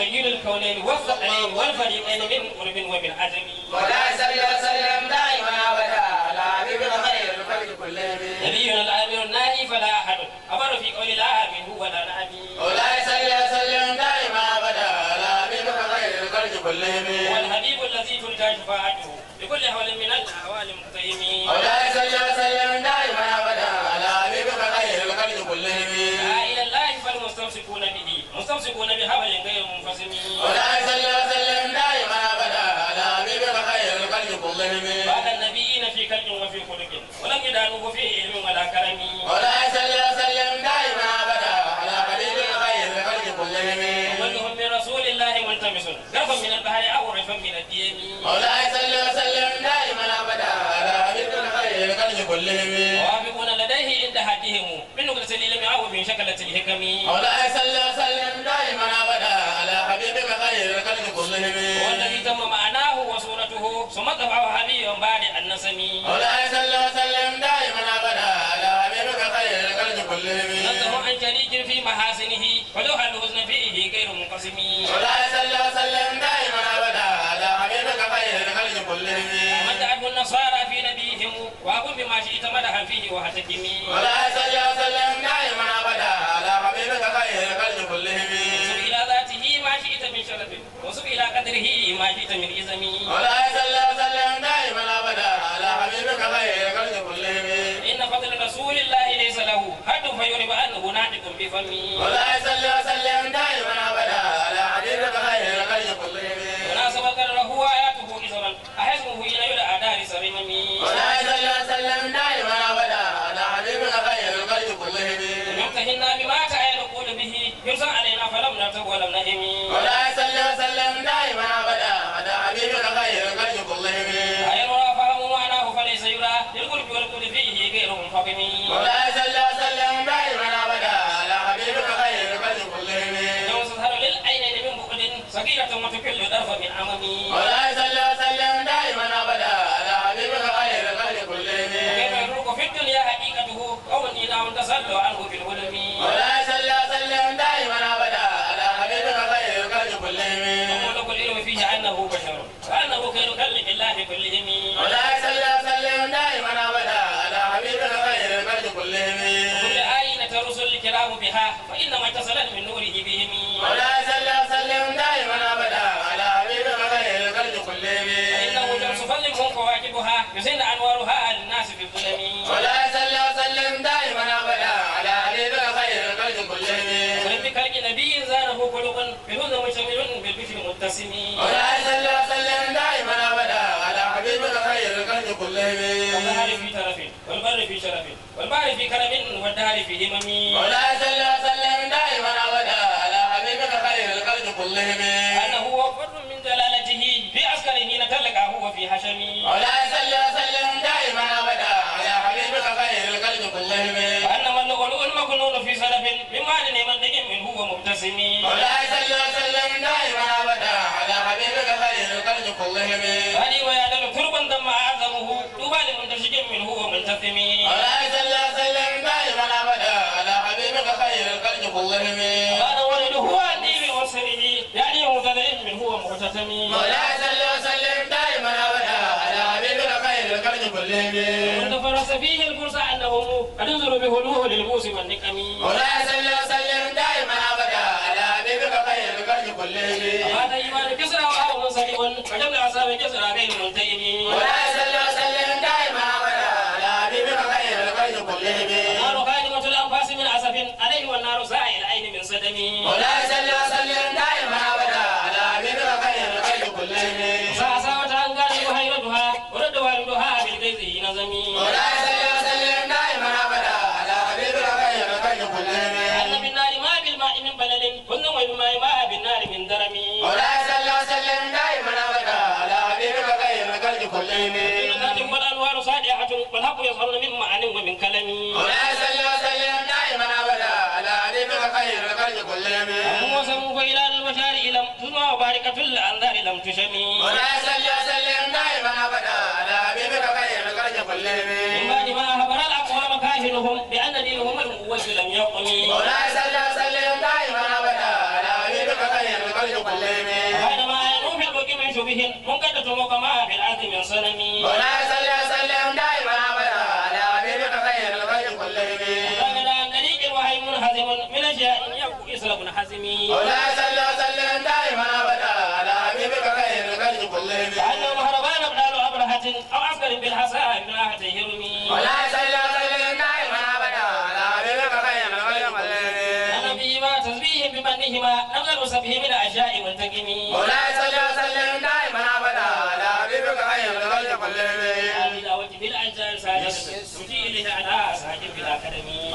سيد الكونين والثقلين والفريقين من قرب ومن عدم ولا سلى سلم دائما ابدا على حبيب خير الخلق كلهم نبينا الامير الناهي فلا احد امر في قول لا هو لا نامي ولا سلى سلم دائما ابدا على حبيب خير الخلق كلهم والحبيب الذي تلجا شفاعته لكل حول من الاحوال مقتيم ولا سلى سلم ممسكون بحبل غير منفصل ولا يزل زل دائما ابدا على بيبك خير القلب كلهم بعد النبيين في كلب وفي خلق ولم يدانوه في علم ولا كرم ولا يزل زل دائما ابدا على بيبك خير القلب كلهم ومنهم من رسول الله ملتمس غرفا من البحر او رفا من الدين ولا يزل زل لكلهم وافقون لديه عند حدهم من نقطة العلم أو من شكلة الحكم ولا يصلى وسلم دائما أبدا على حبيبك خير الخلق كلهم والذي تم معناه وصورته ثم طبعه حبيبا بعد النسم ولا يصلى وسلم دائما أبدا على حبيبك خير الخلق كلهم نزه عن شريك في محاسنه ولوح الحزن فيه غير منقسم ولا يصلى وسلم دائما أبدا كلهم ومدحه النصارى في نبيهم وأقم بما شئت مدحا فيه وحتكمي ولا أسأل وسلم دائما أبدا على حبيبك خير الخلق كلهم انسب إلى ذاته ما شئت من شرف وانسب إلى قدره ما شئت من إزم ولا أسأل وسلم دائما أبدا على حبيبك خير الخلق كلهم إن فضل رسول الله ليس له حد فيرب أنه ناطق بفمي ولا أسأل وسلم دائما والنجم بها فإنما اتصلت من نوره بهم ولا زل وسلم دائما أبدا على حبيب مغني البلد كله فإنه شمس فلمهم كواكبها يزن أنوارها على الناس في الظلم ولا زل وسلم دائما أبدا على حبيب خير البلد كله ولم بخلق نبي زانه خلق بالهدى مشتمل بالبشر متسم ولا زل وسلم دائما أبدا على حبيب خير البلد كله والبر في شرف والبحر في كرم والدهر في همم مولاي صلى وسلم دائما ابدا على حبيبك خير الخلق كلهم انه هو فر من جلالته بعسكره نتلقاه وفي حشمي مولاي صلى وسلم دائما ابدا على حبيبك خير الخلق كلهم وانما اللؤلؤ المكنون في سلف من معنى من هو مبتسم مولاي صلى وسلم دائما ابدا فاني ويادل كربا دم اعظمه طوبى لمن تشجع منه ومنتقم ولا يسلى سلم دائما ابدا على حبيبك خير القلب كلهم قال ولده عندي من وسره يعني مبتدئ من هو مقتسم ولا يسلى سلم دائما ابدا على حبيبك خير القلب كلهم وقد فرس فيه الفرس انهم قد انظروا بهلوه للبوس والنقم ولا يسلى سلم دائما ابدا على حبيبك خير القلب كلهم وجعل أصابك سراقين منتهبين ولا يزل وسلم دائما أبدا على حبيبك خير الخير كلهم النار قائمة الأنفاس من أسف عليه والنار سائل العين من صدمي ولا يزل إنك في الأنذار لم تشمي ولا سل وسلم دائما أبدا على حبيبك خير الخرج كلهم مما ما أخبر الأقوام كاهنهم بأن دينهم القوة لم يقم ولا سل وسلم دائما أبدا على حبيبك خير الخرج كلهم وبينما ينوم في البكي من شبه منقدة كما في الأرض من صنم ولا سل وسلم دائما أبدا على حبيبك خير كلهم ولا سل وسلم الجلال بالحسنات يرمي ولا صلى صلى دائما ابدا على حبيبك خير الخلق النبي ما تسبيه بمنهما نبذل سبه من الاشياء منتقم ولا صلى صلى دائما ابدا على حبيبك خير الخلق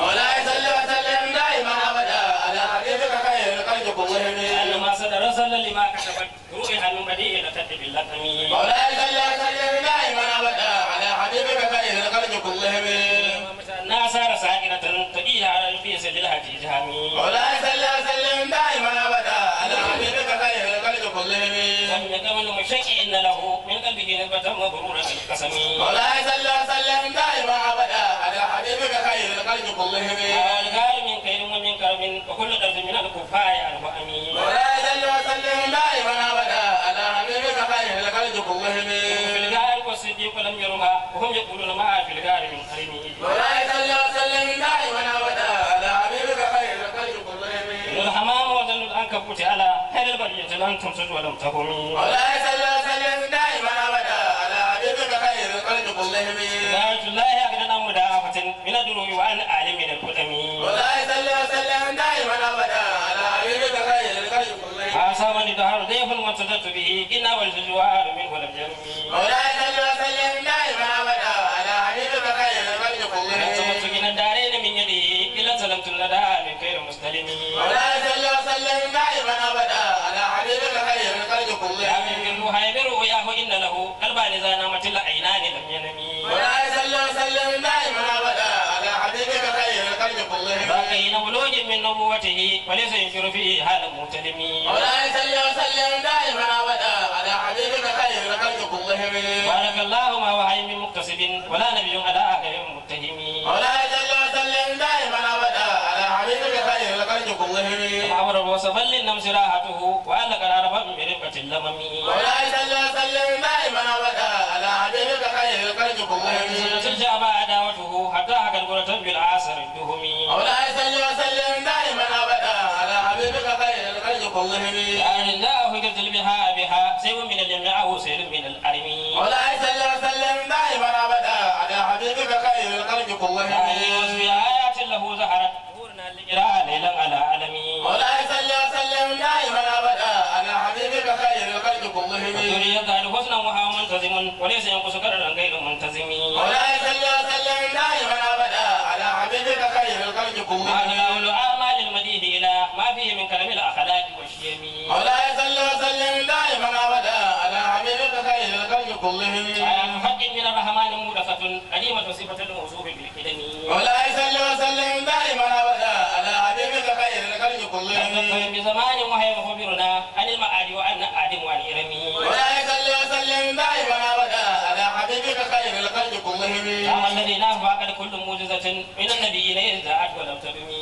ولا يصلي وسلم دائما ابدا على حبيبك خير الخلق كلهم ما صدر صلى لما كتبت روحها من بديع لتدب اللقم ولا يصلي وسلم دائما مذهب لا سار ساكنة تجيها على في سبيل حج جهامي مولاي صلى وسلم دائما أبدا على حبيبك خير الخلق كلهم سمك من مشك إن له من قلبه نبة مبرورة القسم مولاي صلى وسلم دائما أبدا على حبيبك خير الخلق كلهم الغار وكل قلب من الكفاية الوأمين مولاي صلى وسلم دائما وهم يقولون ما في الغار من قرين ولا يصلي وسلم دائما ابدا على حبيبك خير الخلق كلهم الحمام وظل العنكبوت على خير البرية لن تمسس ولم تقومي ولا يصلي وسلم دائما ابدا على حبيبك خير الخلق كلهم دعوة الله أجل مدافعة من الدروي وأن أعلم من القدم ولا يصلي وسلم دائما ابدا على حبيبك خير الخلق كلهم عصامني دهر ضيف المنتظر به إنا والزجوار منه لم يرمي ولا يصلي وسلم دائما من نبوته وليس ينكر فيه هذا المغتنم مولاي صلى وسلم دائما ابدا على حبيبك خير خلق كلهم بارك اللهم وحي من مقتصد ولا نبي على اخر متهم مولاي صلى وسلم دائما ابدا على حبيبك خير خلق كلهم امر وصفا للنمس راحته وعلق العرب من رفقه اللمم مولاي صلى وسلم دائما ابدا على حبيبك خير خلق كلهم سنه الجامع دعوته حتى حكى القرة بالعاصر الدهمي مولاي والله لي أهلا فقد بها بها سوى من الجمع أو سير من الأرمين ولا أسلم سلم دائما أبدا على حبيبك خير القلب كله في آيات له زهرت ظهورنا الإجراء ليلا على عالمين ولا أسلم سلم دائما أبدا على حبيبك خير القلب كله الدنيا قال حسنا وها منتظم وليس ينقص كررا غير منتظم ولا أسلم سلم دائما أبدا على حبيبك خير القلب كله ما فيه من كلام الأخلاق والشيم ولا يصلي وسلم دائما أبدا على حبيبك خير الخلق كلهم حق من الرحمن مورثة قديمة صفة الموصوف بالقدم ولا يصلي وسلم دائما أبدا على حبيبك خير الخلق كله. كلهم بزمان وهي مخبرنا عن المعاد وعن آدم وعن إرمي ولا يصلي وسلم دائما أبدا على حبيبك خير الخلق كله. كلهم الذي نافع كل موجزة من النبيين إذ جاءت ولم تبمي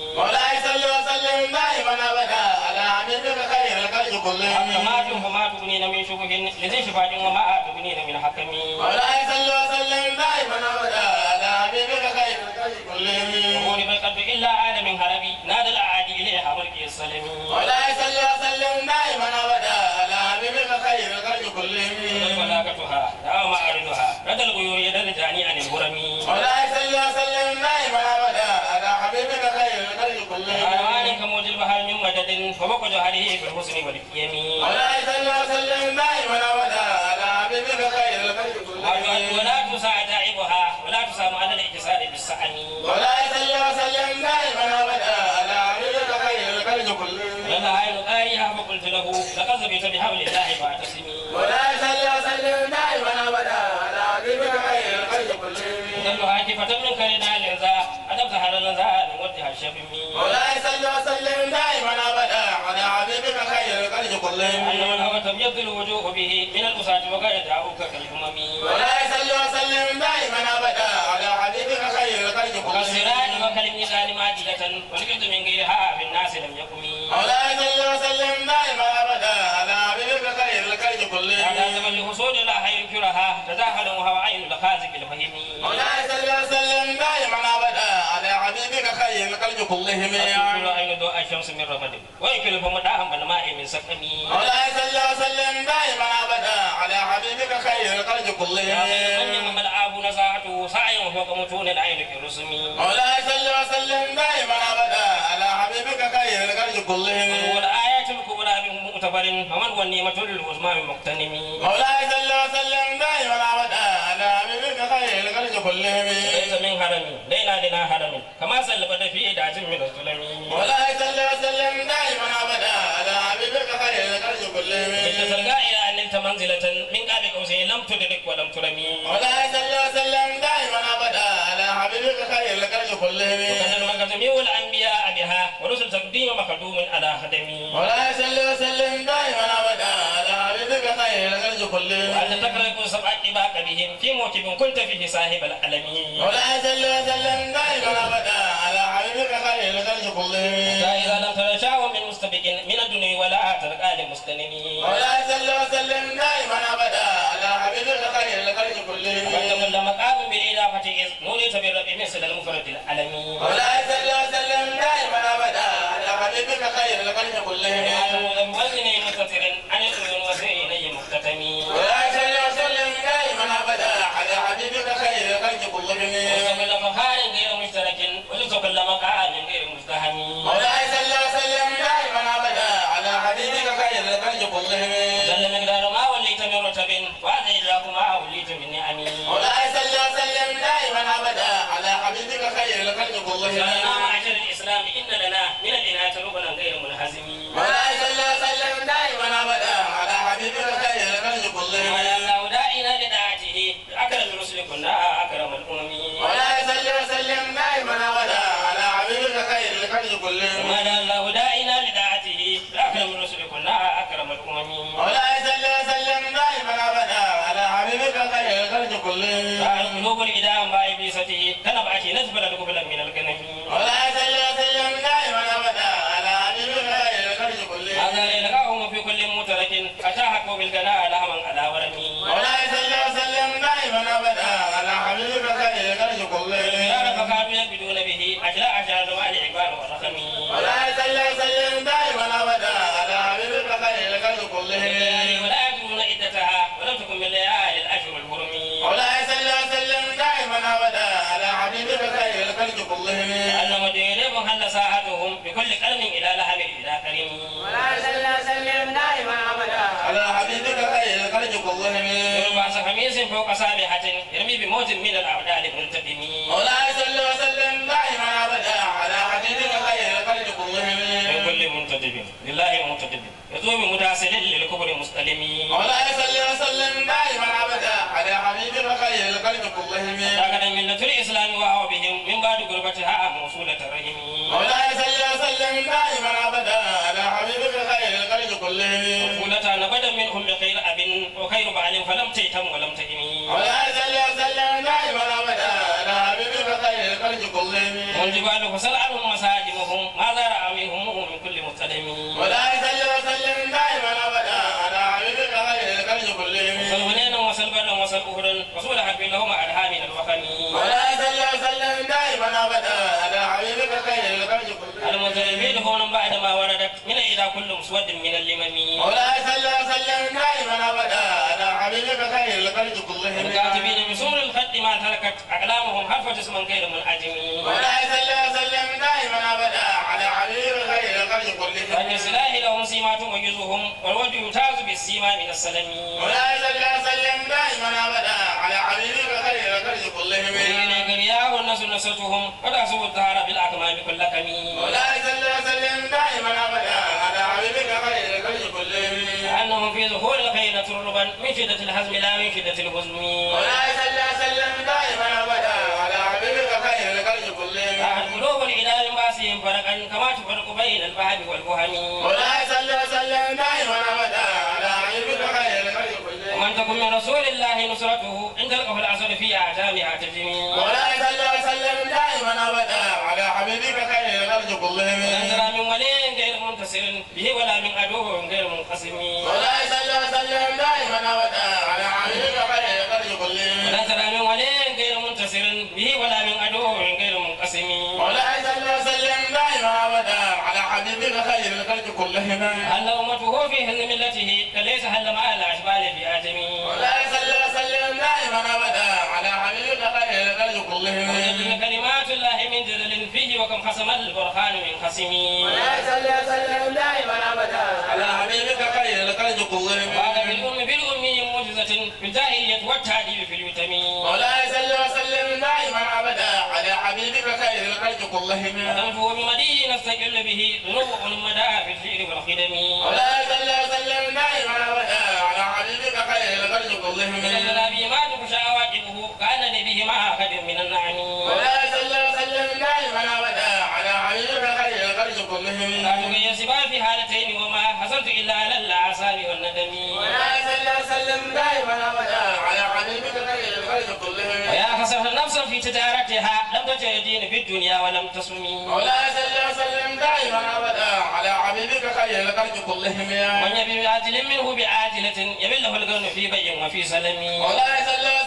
وما وما تغنينا من شبه لذي شفاعة وما تغنينا من حكمي ولا يصلوا وسلم دائما أبدا على حبيبك خير الخلق كلهم وقول بالقلب إلا عالم هربي نادى الأعادي إليها ملكي السلمي ولا يصلوا وسلم دائما أبدا على حبيبك خير الخلق كلهم ولا كتها داوم أعرضها رد الغيور يدرجاني عن الهرمي ومقعد هذه في الحسن واليمين ولا يسلم وسلم دائما ولا لا بخير الخلق ولا تسع داعبها ولا تسع على الاتصال بالسعن ولا يسلم وسلم دائما ولا لا بخير الخلق كله لنا هاي الآية فقلت له لقد زبيت بحول الله فاعتصمي ولا يسلم وسلم دائما ولا لا بخير الخلق كله نحن هاتفة تملك لنا العزاء أدمت على النزاع نوجه الشبمي ولا يسلم وسلم دائما كلهم أنما تبيض الوجوه به من الأساة وقد دعوك كالأمم ولا يسل وسلم دائما أبدا على حبيبك خير الخلق كلهم كالسراج وكالميزان ماجدة ولقد من غيرها في الناس لم يقم ولا يسل وسلم دائما أبدا على حبيبك خير الخلق كلهم على زمن الحصول لا خير كرها تزاحل وهو عين الخازق الفهم ولا يسل وسلم دائما أبدا حبيبنا خيم قلج كلهم يعني لا إله إلا الشمس من رمضان ويكل فمدعهم من ماء من سكني ولا صلى وسلم دائما أبدا على حبيبك خير قلج كلهم من ملعب نزعته سعي فوق متون العين كرسمي ولا صلى وسلم دائما أبدا على حبيبك خير قلج كلهم والآيات الكبرى من مؤتبر فمن والنعمة للعظمى من مقتنم ولا صلى وسلم دائما أبدا كلهم ليس من حرم لينا لنا حرم كما سلبت في داج من الظلم ولا يصلي وسلم دائما ابدا على حبيبك خير الخلق كلهم بالتسرقاء الى ان انت منزله من قاب قوسين لم تدرك ولم ترمي ولا يصلي وسلم دائما ابدا على حبيبك خير الخلق كلهم وكان المقدمي والانبياء بها ورسل تقديم مخدوم على خدمي ولا يصلي وسلم دائما ابدا وأن تقرأ سبع عباك بهم في موكب كنت فيه صاحب العالمين ولا جل وجل دائما أبدا على حبيبك خير الخلق كلهم فإذا لم تتشاو من مستبق من الدنيا ولا ترك آل مسلمين ولا جل وسلم دائما أبدا على حبيبك خير الخلق كلهم وأنت كل مقام بالإضافة إذ نولت بالرب مثل المفرد العالمين ولا جل وسلم دائما أبدا على حبيبك خير الخلق كلهم وأنت مؤذن مستتر عن الأذن وسيء الخاتم وصل وسلم دائما ابدا على حبيبك خير الخلق كلهم وصل مقال غير مشترك وصل مقال غير مستهم مولاي صلى وسلم دائما ابدا على حبيبك خير الخلق كلهم جل مقدار ما وليت من رتب وهذا ادراك ما وليت من نعم مولاي صلى وسلم دائما ابدا على حبيبك خير الخلق كلهم لنا معشر الاسلام ان لنا من الاناث ربنا غير منهزم مولاي صلى وسلم دائما لذاته كله ومن الله دائنا لذاته نحن الرسل كلها اكرم الامم ولا يسلم وسلم دائما ابدا على حبيبك خير الخلق كله فعن قلوب الادام بابليسته تنبعتي نزبل قبلا من الكنه ولا يسلم وسلم دائما ابدا على حبيبك خير الخلق كله هذا لقاهم في كل مترك اتاهكوا بالقناع لهما أن مديرهم هل ساعتهم بكل قلم إلى لحم إلى كريم ولا سلم سلم دائما أبدا على حبيبك أي القلب كلهم يربع خميس فوق صابحة يرمي بموت من الأعداء الملتبم ولا سلم دائما أبدا على حبيبك أي القلب كلهم من كل منتدب لله منتدب يدوم متاسل للكبر مستلم ولا سلم دائما أبدا على حبيبك أي القلب كلهم ذاك من الإسلام وهو بعد غربتها موصولة الرحم مولاي صلى وسلم دائما أبدا على حبيبك خير القلب كلهم طفولة نبدا منهم بخير أب وخير بعل فلم تيتم ولم تهم مولاي صلى وسلم دائما أبدا على حبيبك خير القلب كلهم والجبال فسل عنهم مساجمهم ما زرع منهم من كل مستدم مولاي صلى وسلم دائما أبدا على حبيبك خير القلب كلهم وصل ولينا وصل بلا وصل أهلا وصول حبي لهم أرحام الوخم مولاي صلى دائما ابدا على حبيبك خير الخلق المتلمين هون بعدما وردت من اذا كل مسود من اللمم مولاي صلى وسلم دائما ابدا على حبيبك خير الخلق كلهم الكاتبين بسمر الخد ما تركت اقلامهم حرف جسم غير منعجم مولاي صلى وسلم دائما ابدا على حبيبك خير الخلق كلهم فلسلاح لهم سيما تميزهم والوجه يمتاز بالسيما من السلم مولاي صلى وسلم دائما ابدا على عميل غير غير كلهم الأغنياء والناس نسوتهم وتعصب الدهر بالأكمام كل كمين أولئك الذين دائما أبدا على حبيبك غير غير كلهم لأنهم في ظهور الخير تربا من شدة الحزم لا من شدة الحزن أولئك الذين دائما أبدا على حبيبك غير غير كلهم قلوب الإله من باسهم فرقا كما تفرق بين الفهم والوهم أولئك الذين دائما أبدا لم من رسول الله نصرته عند القف الأسود في جامعة الجميع مولاي صلى الله عليه دائما أبدا على حبيبك خير الأرض من. لا من ولي غير منتصر به ولا من عدو غير منقسم مولاي صلى الله عليه دائما أبدا على حبيبك خير الأرض كلهم لا ترى من كلهما أن أمته في هل ملته فليس هل مع الأشبال في آدم ولا يصلى وسلم دائما أبدا على حبيبك خير الخلق كلهما وجل كلمات الله من جلل فيه وكم خصم البرهان من خصم ولا يصلى وسلم دائما أبدا على حبيبك خير الخلق كلهما وهذا بالأم بالأم معجزة في الجاهلية والتعديل في اليتم ولا يصلى وسلم حبيبك خير الخلق كلهم أنفه المدين استجل به تنوع المدى في الخير والخدم ولا صلى وسلم دائما على آه، حبيبك خير الخلق كلهم صلى بما تخشى واجبه كان لبهما خير من النعم ولا صلى وسلم دائما وكلهم أهوية سبال في حالتين وما حصلت إلا على الأعصاب والندم ويا سلم سلم دائما أبدا على حبيبك خير الخلق كلهم ويا خسرت نفسا في تجارتها لم تجدين في الدنيا ولم تصمي ولا سلم سلم دائما أبدا على حبيبك خير الخلق كلهم يا من يبي بعاجل منه بعاجلة يبله القرن في بيع وفي سلم ولا سلم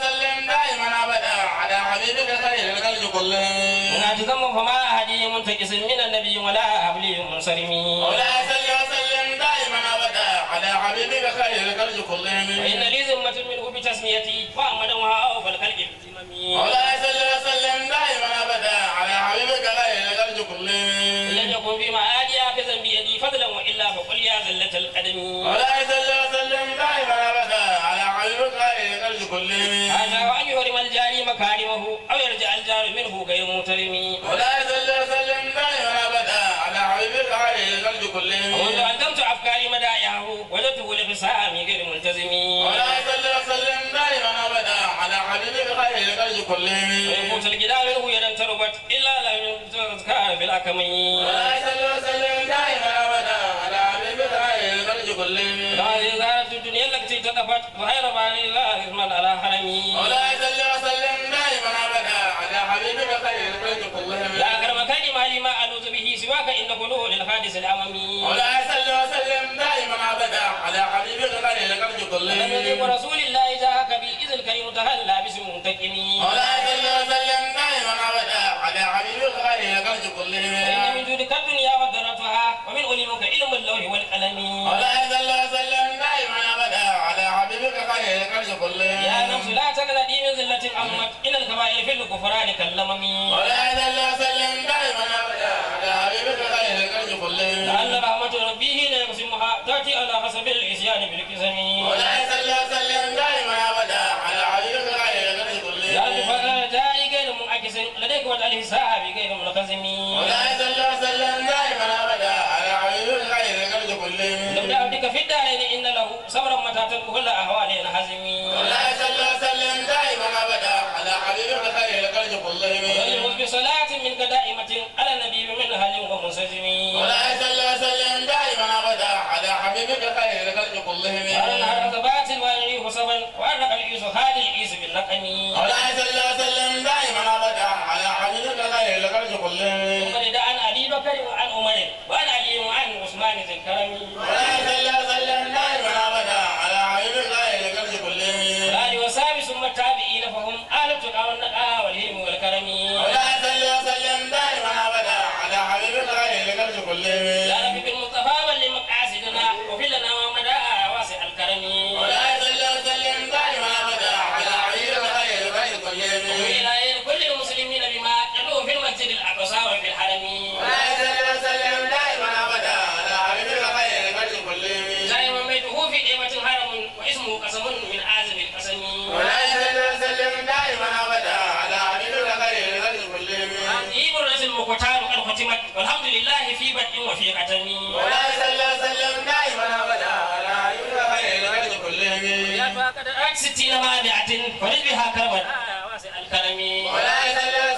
حبيبك خير الخلق كلهم مناجكم فما هدي منتكس من النبي ولا أولي منصرم ولا صل وسلم دائما أبدا على حبيبك خير الخلق كلهم وإن لي ذمة منه بتسميتي فأمدا وأوفى الخلق بالذمم ولا صل وسلم دائما أبدا على حبيبك خير الخلق كلهم لن يكون بما آدي آخذا بيدي فضلا وإلا فقل يا ذلة القدم ولا صل وسلم دائما أبدا على حبيبك خير الخلق كلهم منه غير متلم ولا يزل سلم دائما أبدا على حبيب الخير الخلق كلهم منذ أقدمت أفكاري مداياه وجدته لخصام غير ملتزم ولا يزل سلم دائما أبدا على حبيب الخير الخلق كلهم ويموت الجدار منه يدا تربت إلا لم تذكر بالأكم ولا يزل سلم دائما أبدا على حبيب الخير الخلق كلهم لا يزال الدنيا التي تدفت غير بان الله على حرمي ولا يزل سلم سواك إن نور للخادس الأمامي ولا صلى وسلم دائما أبدا على حبيب الغني لقد كله النبي رسول الله جاءك به إذ الكريم تهلى باسم منتكم ولا صلى وسلم دائما أبدا على حبيب الغني لقد كله وإن من جودك الدنيا وضرتها ومن علمك علم اللوح والقلم ولا صلى وسلم دائما أبدا على حبيبك الغني لقد كله يا نفس لا تقلدي من ذلة أمك إن الكبائر في الكفران كلمني ولا صلى كل أهوالنا هزمي ولا سلم سلم دائما أبدا على حبيب الخير القلب كلهم وله بصلاة منك دائمة على النبي من أهل ومنسجمي ولا سلم سلم دائما أبدا على حبيبك الخير القلب كلهم وعلى نهر ثبات والعي حسبا وأرق العيس هذه العيس بالنقم ولا سلم سلم دائما أبدا على حبيبك الخير القلب كلهم وقد دعا أبي بكر وعن عمر وعن علي وعن عثمان ذي الكرم ولا سلم سلم دائما أبدا والتقى والنقى والهم والكرم والحمد لله في بدء وفي قتل ولا صلى سلم دائما ابدا لا يلقى خير الولد كلهم قد ستين مانعة فرج بها كرما واسع الكرم ولا صلى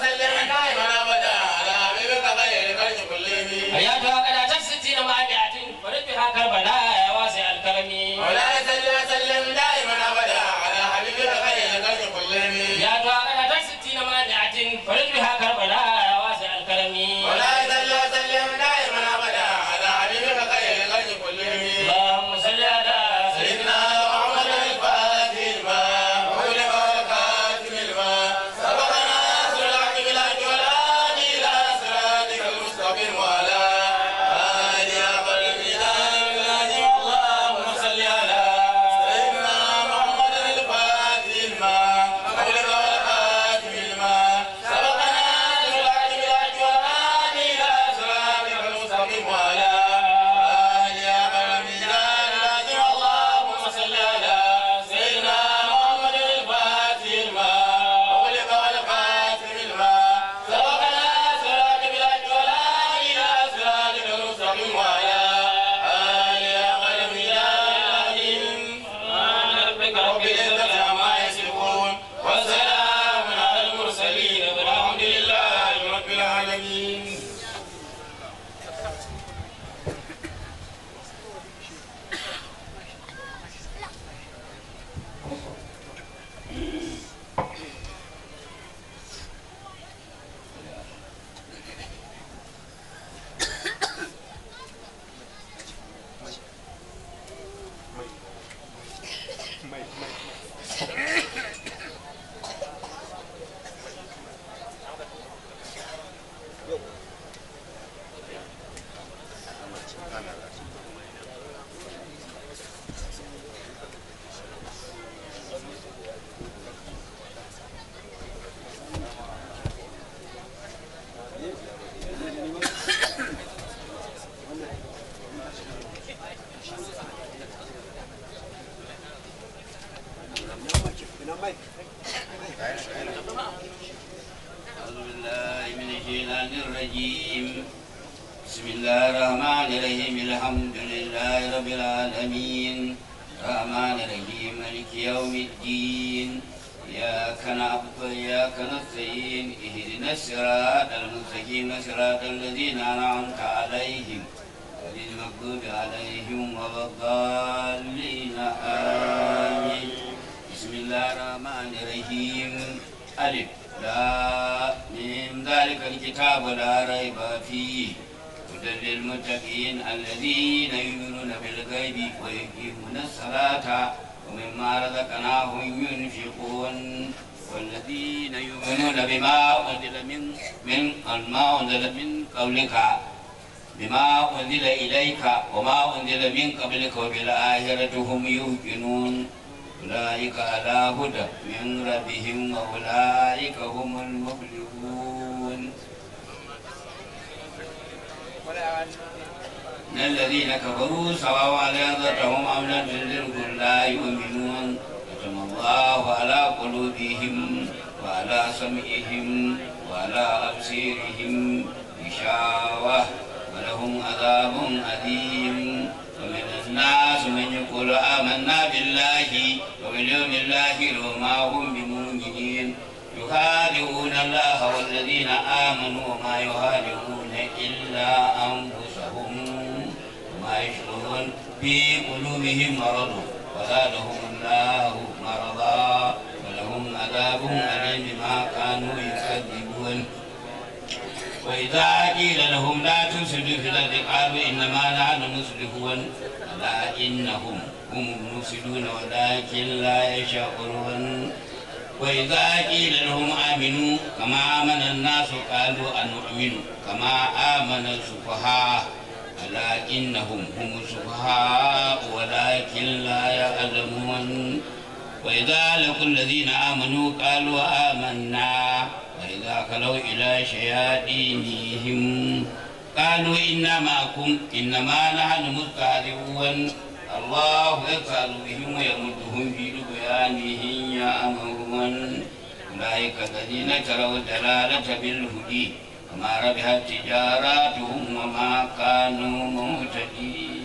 المتقين الذين يؤمنون بالغيب ويقيمون الصلاة ومما رزقناهم ينفقون والذين يؤمنون بما أنزل من من ما أنزل من قبلك بما أنزل إليك وما أنزل من قبلك وبالآخرة هم يوقنون أولئك على هدى من ربهم وأولئك هم المفلحون من الذين كفروا سواء على ذاتهم أم لم تنذرهم لا يؤمنون ختم الله على قلوبهم وعلى سمعهم وعلى أبصيرهم غشاوة ولهم عذاب أليم ومن الناس من يقول آمنا بالله وباليوم الآخر وما هم بمؤمنين يخادعون الله والذين آمنوا وما يخادعون إلا أنفسهم وما يشعرون في قلوبهم مرض فزادهم الله مرضا ولهم عذاب أليم بما كانوا يكذبون وإذا قيل لهم لا تفسدوا في الأرض قالوا إنما نحن مصلحون ألا إنهم هم المفسدون ولكن لا يشعرون وإذا قيل لهم آمنوا كما آمن الناس قالوا أنؤمن كما آمن السفهاء ألا إنهم هم السفهاء ولكن لا يعلمون وإذا لقوا الذين آمنوا قالوا آمنا وإذا خلوا إلى شياطينهم قالوا إنما معكم إنما نحن مستهزئون الله يفعل بهم ويمدهم في يا يأمرون أولئك الذين تروا الدلالة بالهدي وما ربحت تجاراتهم وما كانوا مهتدين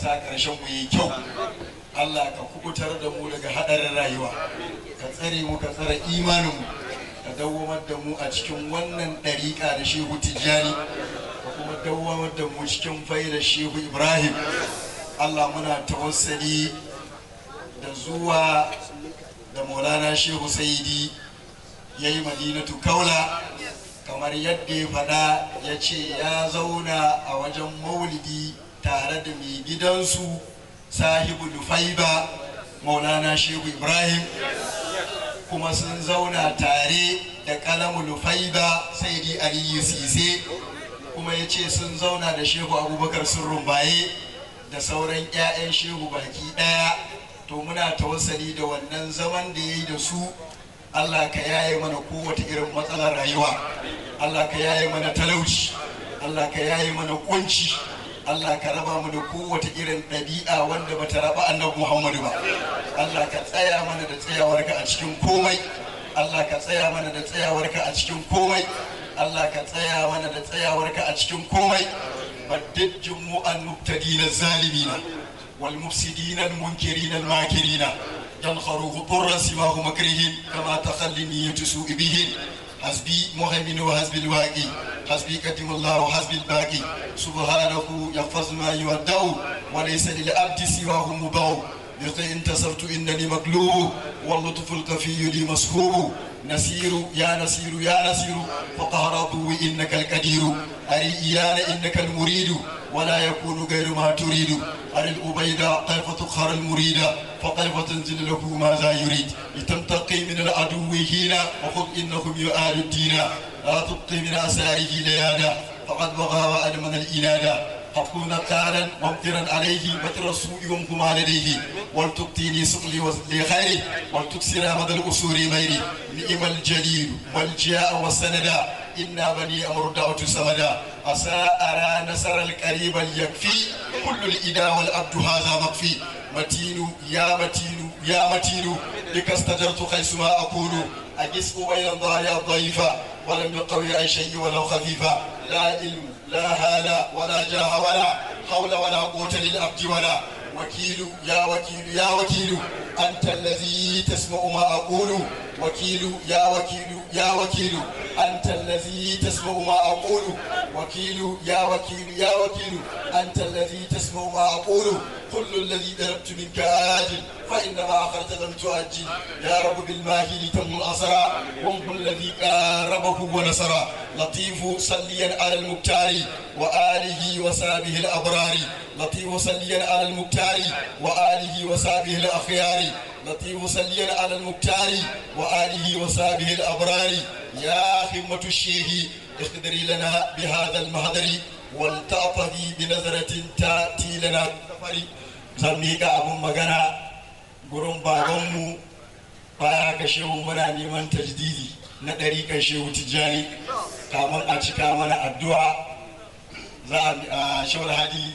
sa ƙarshen mu yi kyau Allah ka kubutar da mu daga haɗarin rayuwa ka tsare mu ka tsare imanin mu ka dawwamar da mu a cikin wannan ɗariƙa da shehu tijjani ka kuma dawwamar da mu cikin da shehu ibrahim Allah muna tawassali da zuwa da maulana shehu saidi ya yi madinatu kaula kamar yadda ya faɗa ya ce ya zauna a wajen maulidi tare da mai gidansu sahibu nufaiba maulana shehu ibrahim kuma sun zauna tare da kalamu sai saidi aliyu sise kuma ya ce sun zauna da shehu abubakar sun rumbaye da sauran 'ya'yan shehu baki daya to muna tawassali da wannan zaman da ya yi da su allah ka yaye mana kowace irin matsalar rayuwa allah ka yaye mana talauci allah ka yaye mana kunci Allah ka raba mu da kowace irin ɗabi'a wanda bata raba annabi Muhammadu ba Allah ka tsaya mana da tsayawarka a cikin komai Allah ka tsaya mana da tsayawarka a cikin komai Allah ka tsaya mana da tsayawarka a cikin komai baddajin mu an zalimi na. wal mufsidina al munkirina al makirina yankharu ghurran simahu makrihim kama takhalli niyyatu su'i حسبي مهيمن وحسبي الواقي حسبي كتم الله وحسبي الباقي سبحانه يحفظ ما يودعه وليس للعبد سواه مباو يطع انتصرت إنني مقلوب واللطف الكفي لي مسحوب نسير يا نسير يا نسير فقهر عدوي إنك القدير أري إيانا إنك المريد ولا يكون غير ما تريد أري الأبيدا كيف تقهر المريد فكيف تنزل له ماذا يريد لتنتقي من العدو هنا وخذ إنهم يؤال الدين لا تبقي من أسراره ليالا فقد بغى وأدمن الإنادة فكون تارا ممطرا عليه مطر السوء يمكم عليه ولتبتيني سطلي لخيري ولتكسر مدى الأسور ميري نئم الجليل والجاء والسندا إنا بني أمر الدعوة سمدا أسا أرى نسر الكريم يكفي كل الإداء والأبد هذا مكفي متين يا متين يا متين لك استجرت ما أقول أجسم بين الضايا الضيفة ولم يقوي أي شيء ولو خفيفة لا علم لا هلا ولا جاه ولا حول ولا قوة للعبد ولا وكيل يا وكيل يا وكيل أنت الذي تسمع ما أقول وكيل يا وكيل يا وكيل أنت الذي تسمع ما أقول وكيل يا وكيل يا وكيل أنت الذي تسمع ما أقول كل الذي دربت منك آجل فإنما أخرت لم تؤجل يا رب بالماهل تم الأسرى وانه الذي قاربه ونصرى لطيف صليا على المختار وآله وصحبه الأبرار لطيف صليا على المختار وآله وصحبه الأخيار لطيف صليا على المختار وآله وصحبه الأبرار يا همة الشيخ اخدري لنا بهذا المهدر ولتعطفي بنظرة تأتي لنا بالسفر سميك أبو مغنى gurin babanmu baya ka shehu muna neman tajdidi na ɗari kan shehu tijjani kamar a cika mana addu'a za a shawar hadi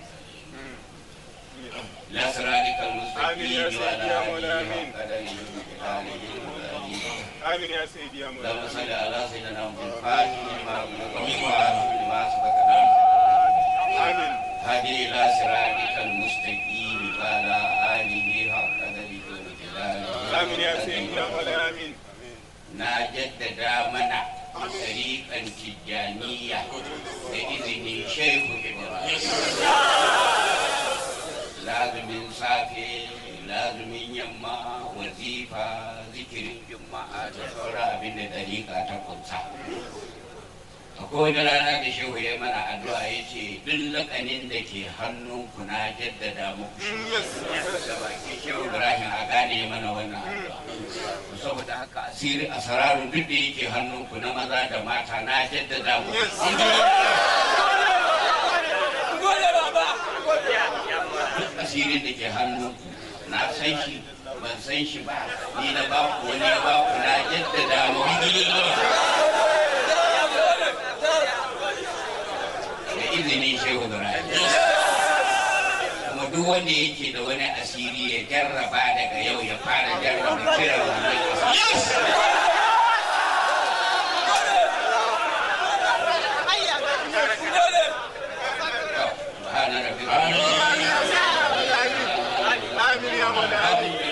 لأسرارك المستقيم وعلى آله وقدره ومقداره آمين يا سيدي يا مولانا اللهم صل على سيدنا محمد فاتح لما أغلق وعافي لما سبق آمين هدي إلى صراطك المستقيم وعلى آله وقدره ومقداره آمين يا سيدي يا مولانا آمين ناجد دامنا طريقا تجانية بإذن شيخ إبراهيم lazumin safe lazumin yamma wazifa zikirin juma'a da sauran abin da dariƙa ta kunsa akwai wani rana da shehu ya mana addu'a ya ce duk lakanin da ke hannun kuna na jaddada muku da bakin shehu ibrahim a gane mana wannan addu'a saboda haka asiri a sararin duk da yake hannun kuna na maza da mata na jaddada muku duk asirin da ke hannu na san shi ban san shi ba ni na ba ku wani na ba ku na jaddada mu da izinin shehu da kuma duk wanda yake da wani asiri ya jarraba daga yau ya fara jarraba kiran wani asiri Amin. Amin. Amin. Amin.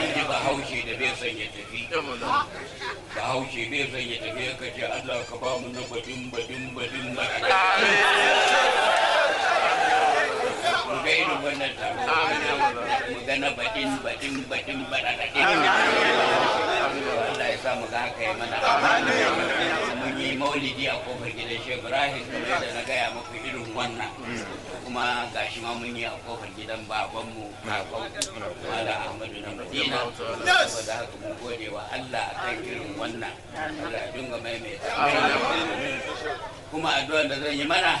inji ba haushe da bai son ya tafi ba haushe bai ya tafi ka ce allah ka ba mu na badin badin badin na mu ga irin wannan taro mu ga na baɗin baɗin baɗin baɗaɗaɗin Allah ya sa mu ga haka ya mana mun yi maulidi a kofar gidan shi Ibrahim kamar da na gaya muku irin wannan kuma gashi ma mun yi a kofar gidan babanmu kakau Mala Ahmadu na Madina saboda haka mun gode wa Allah akan irin wannan Allah ya dinga maimaita kuma addu'a da zan yi mana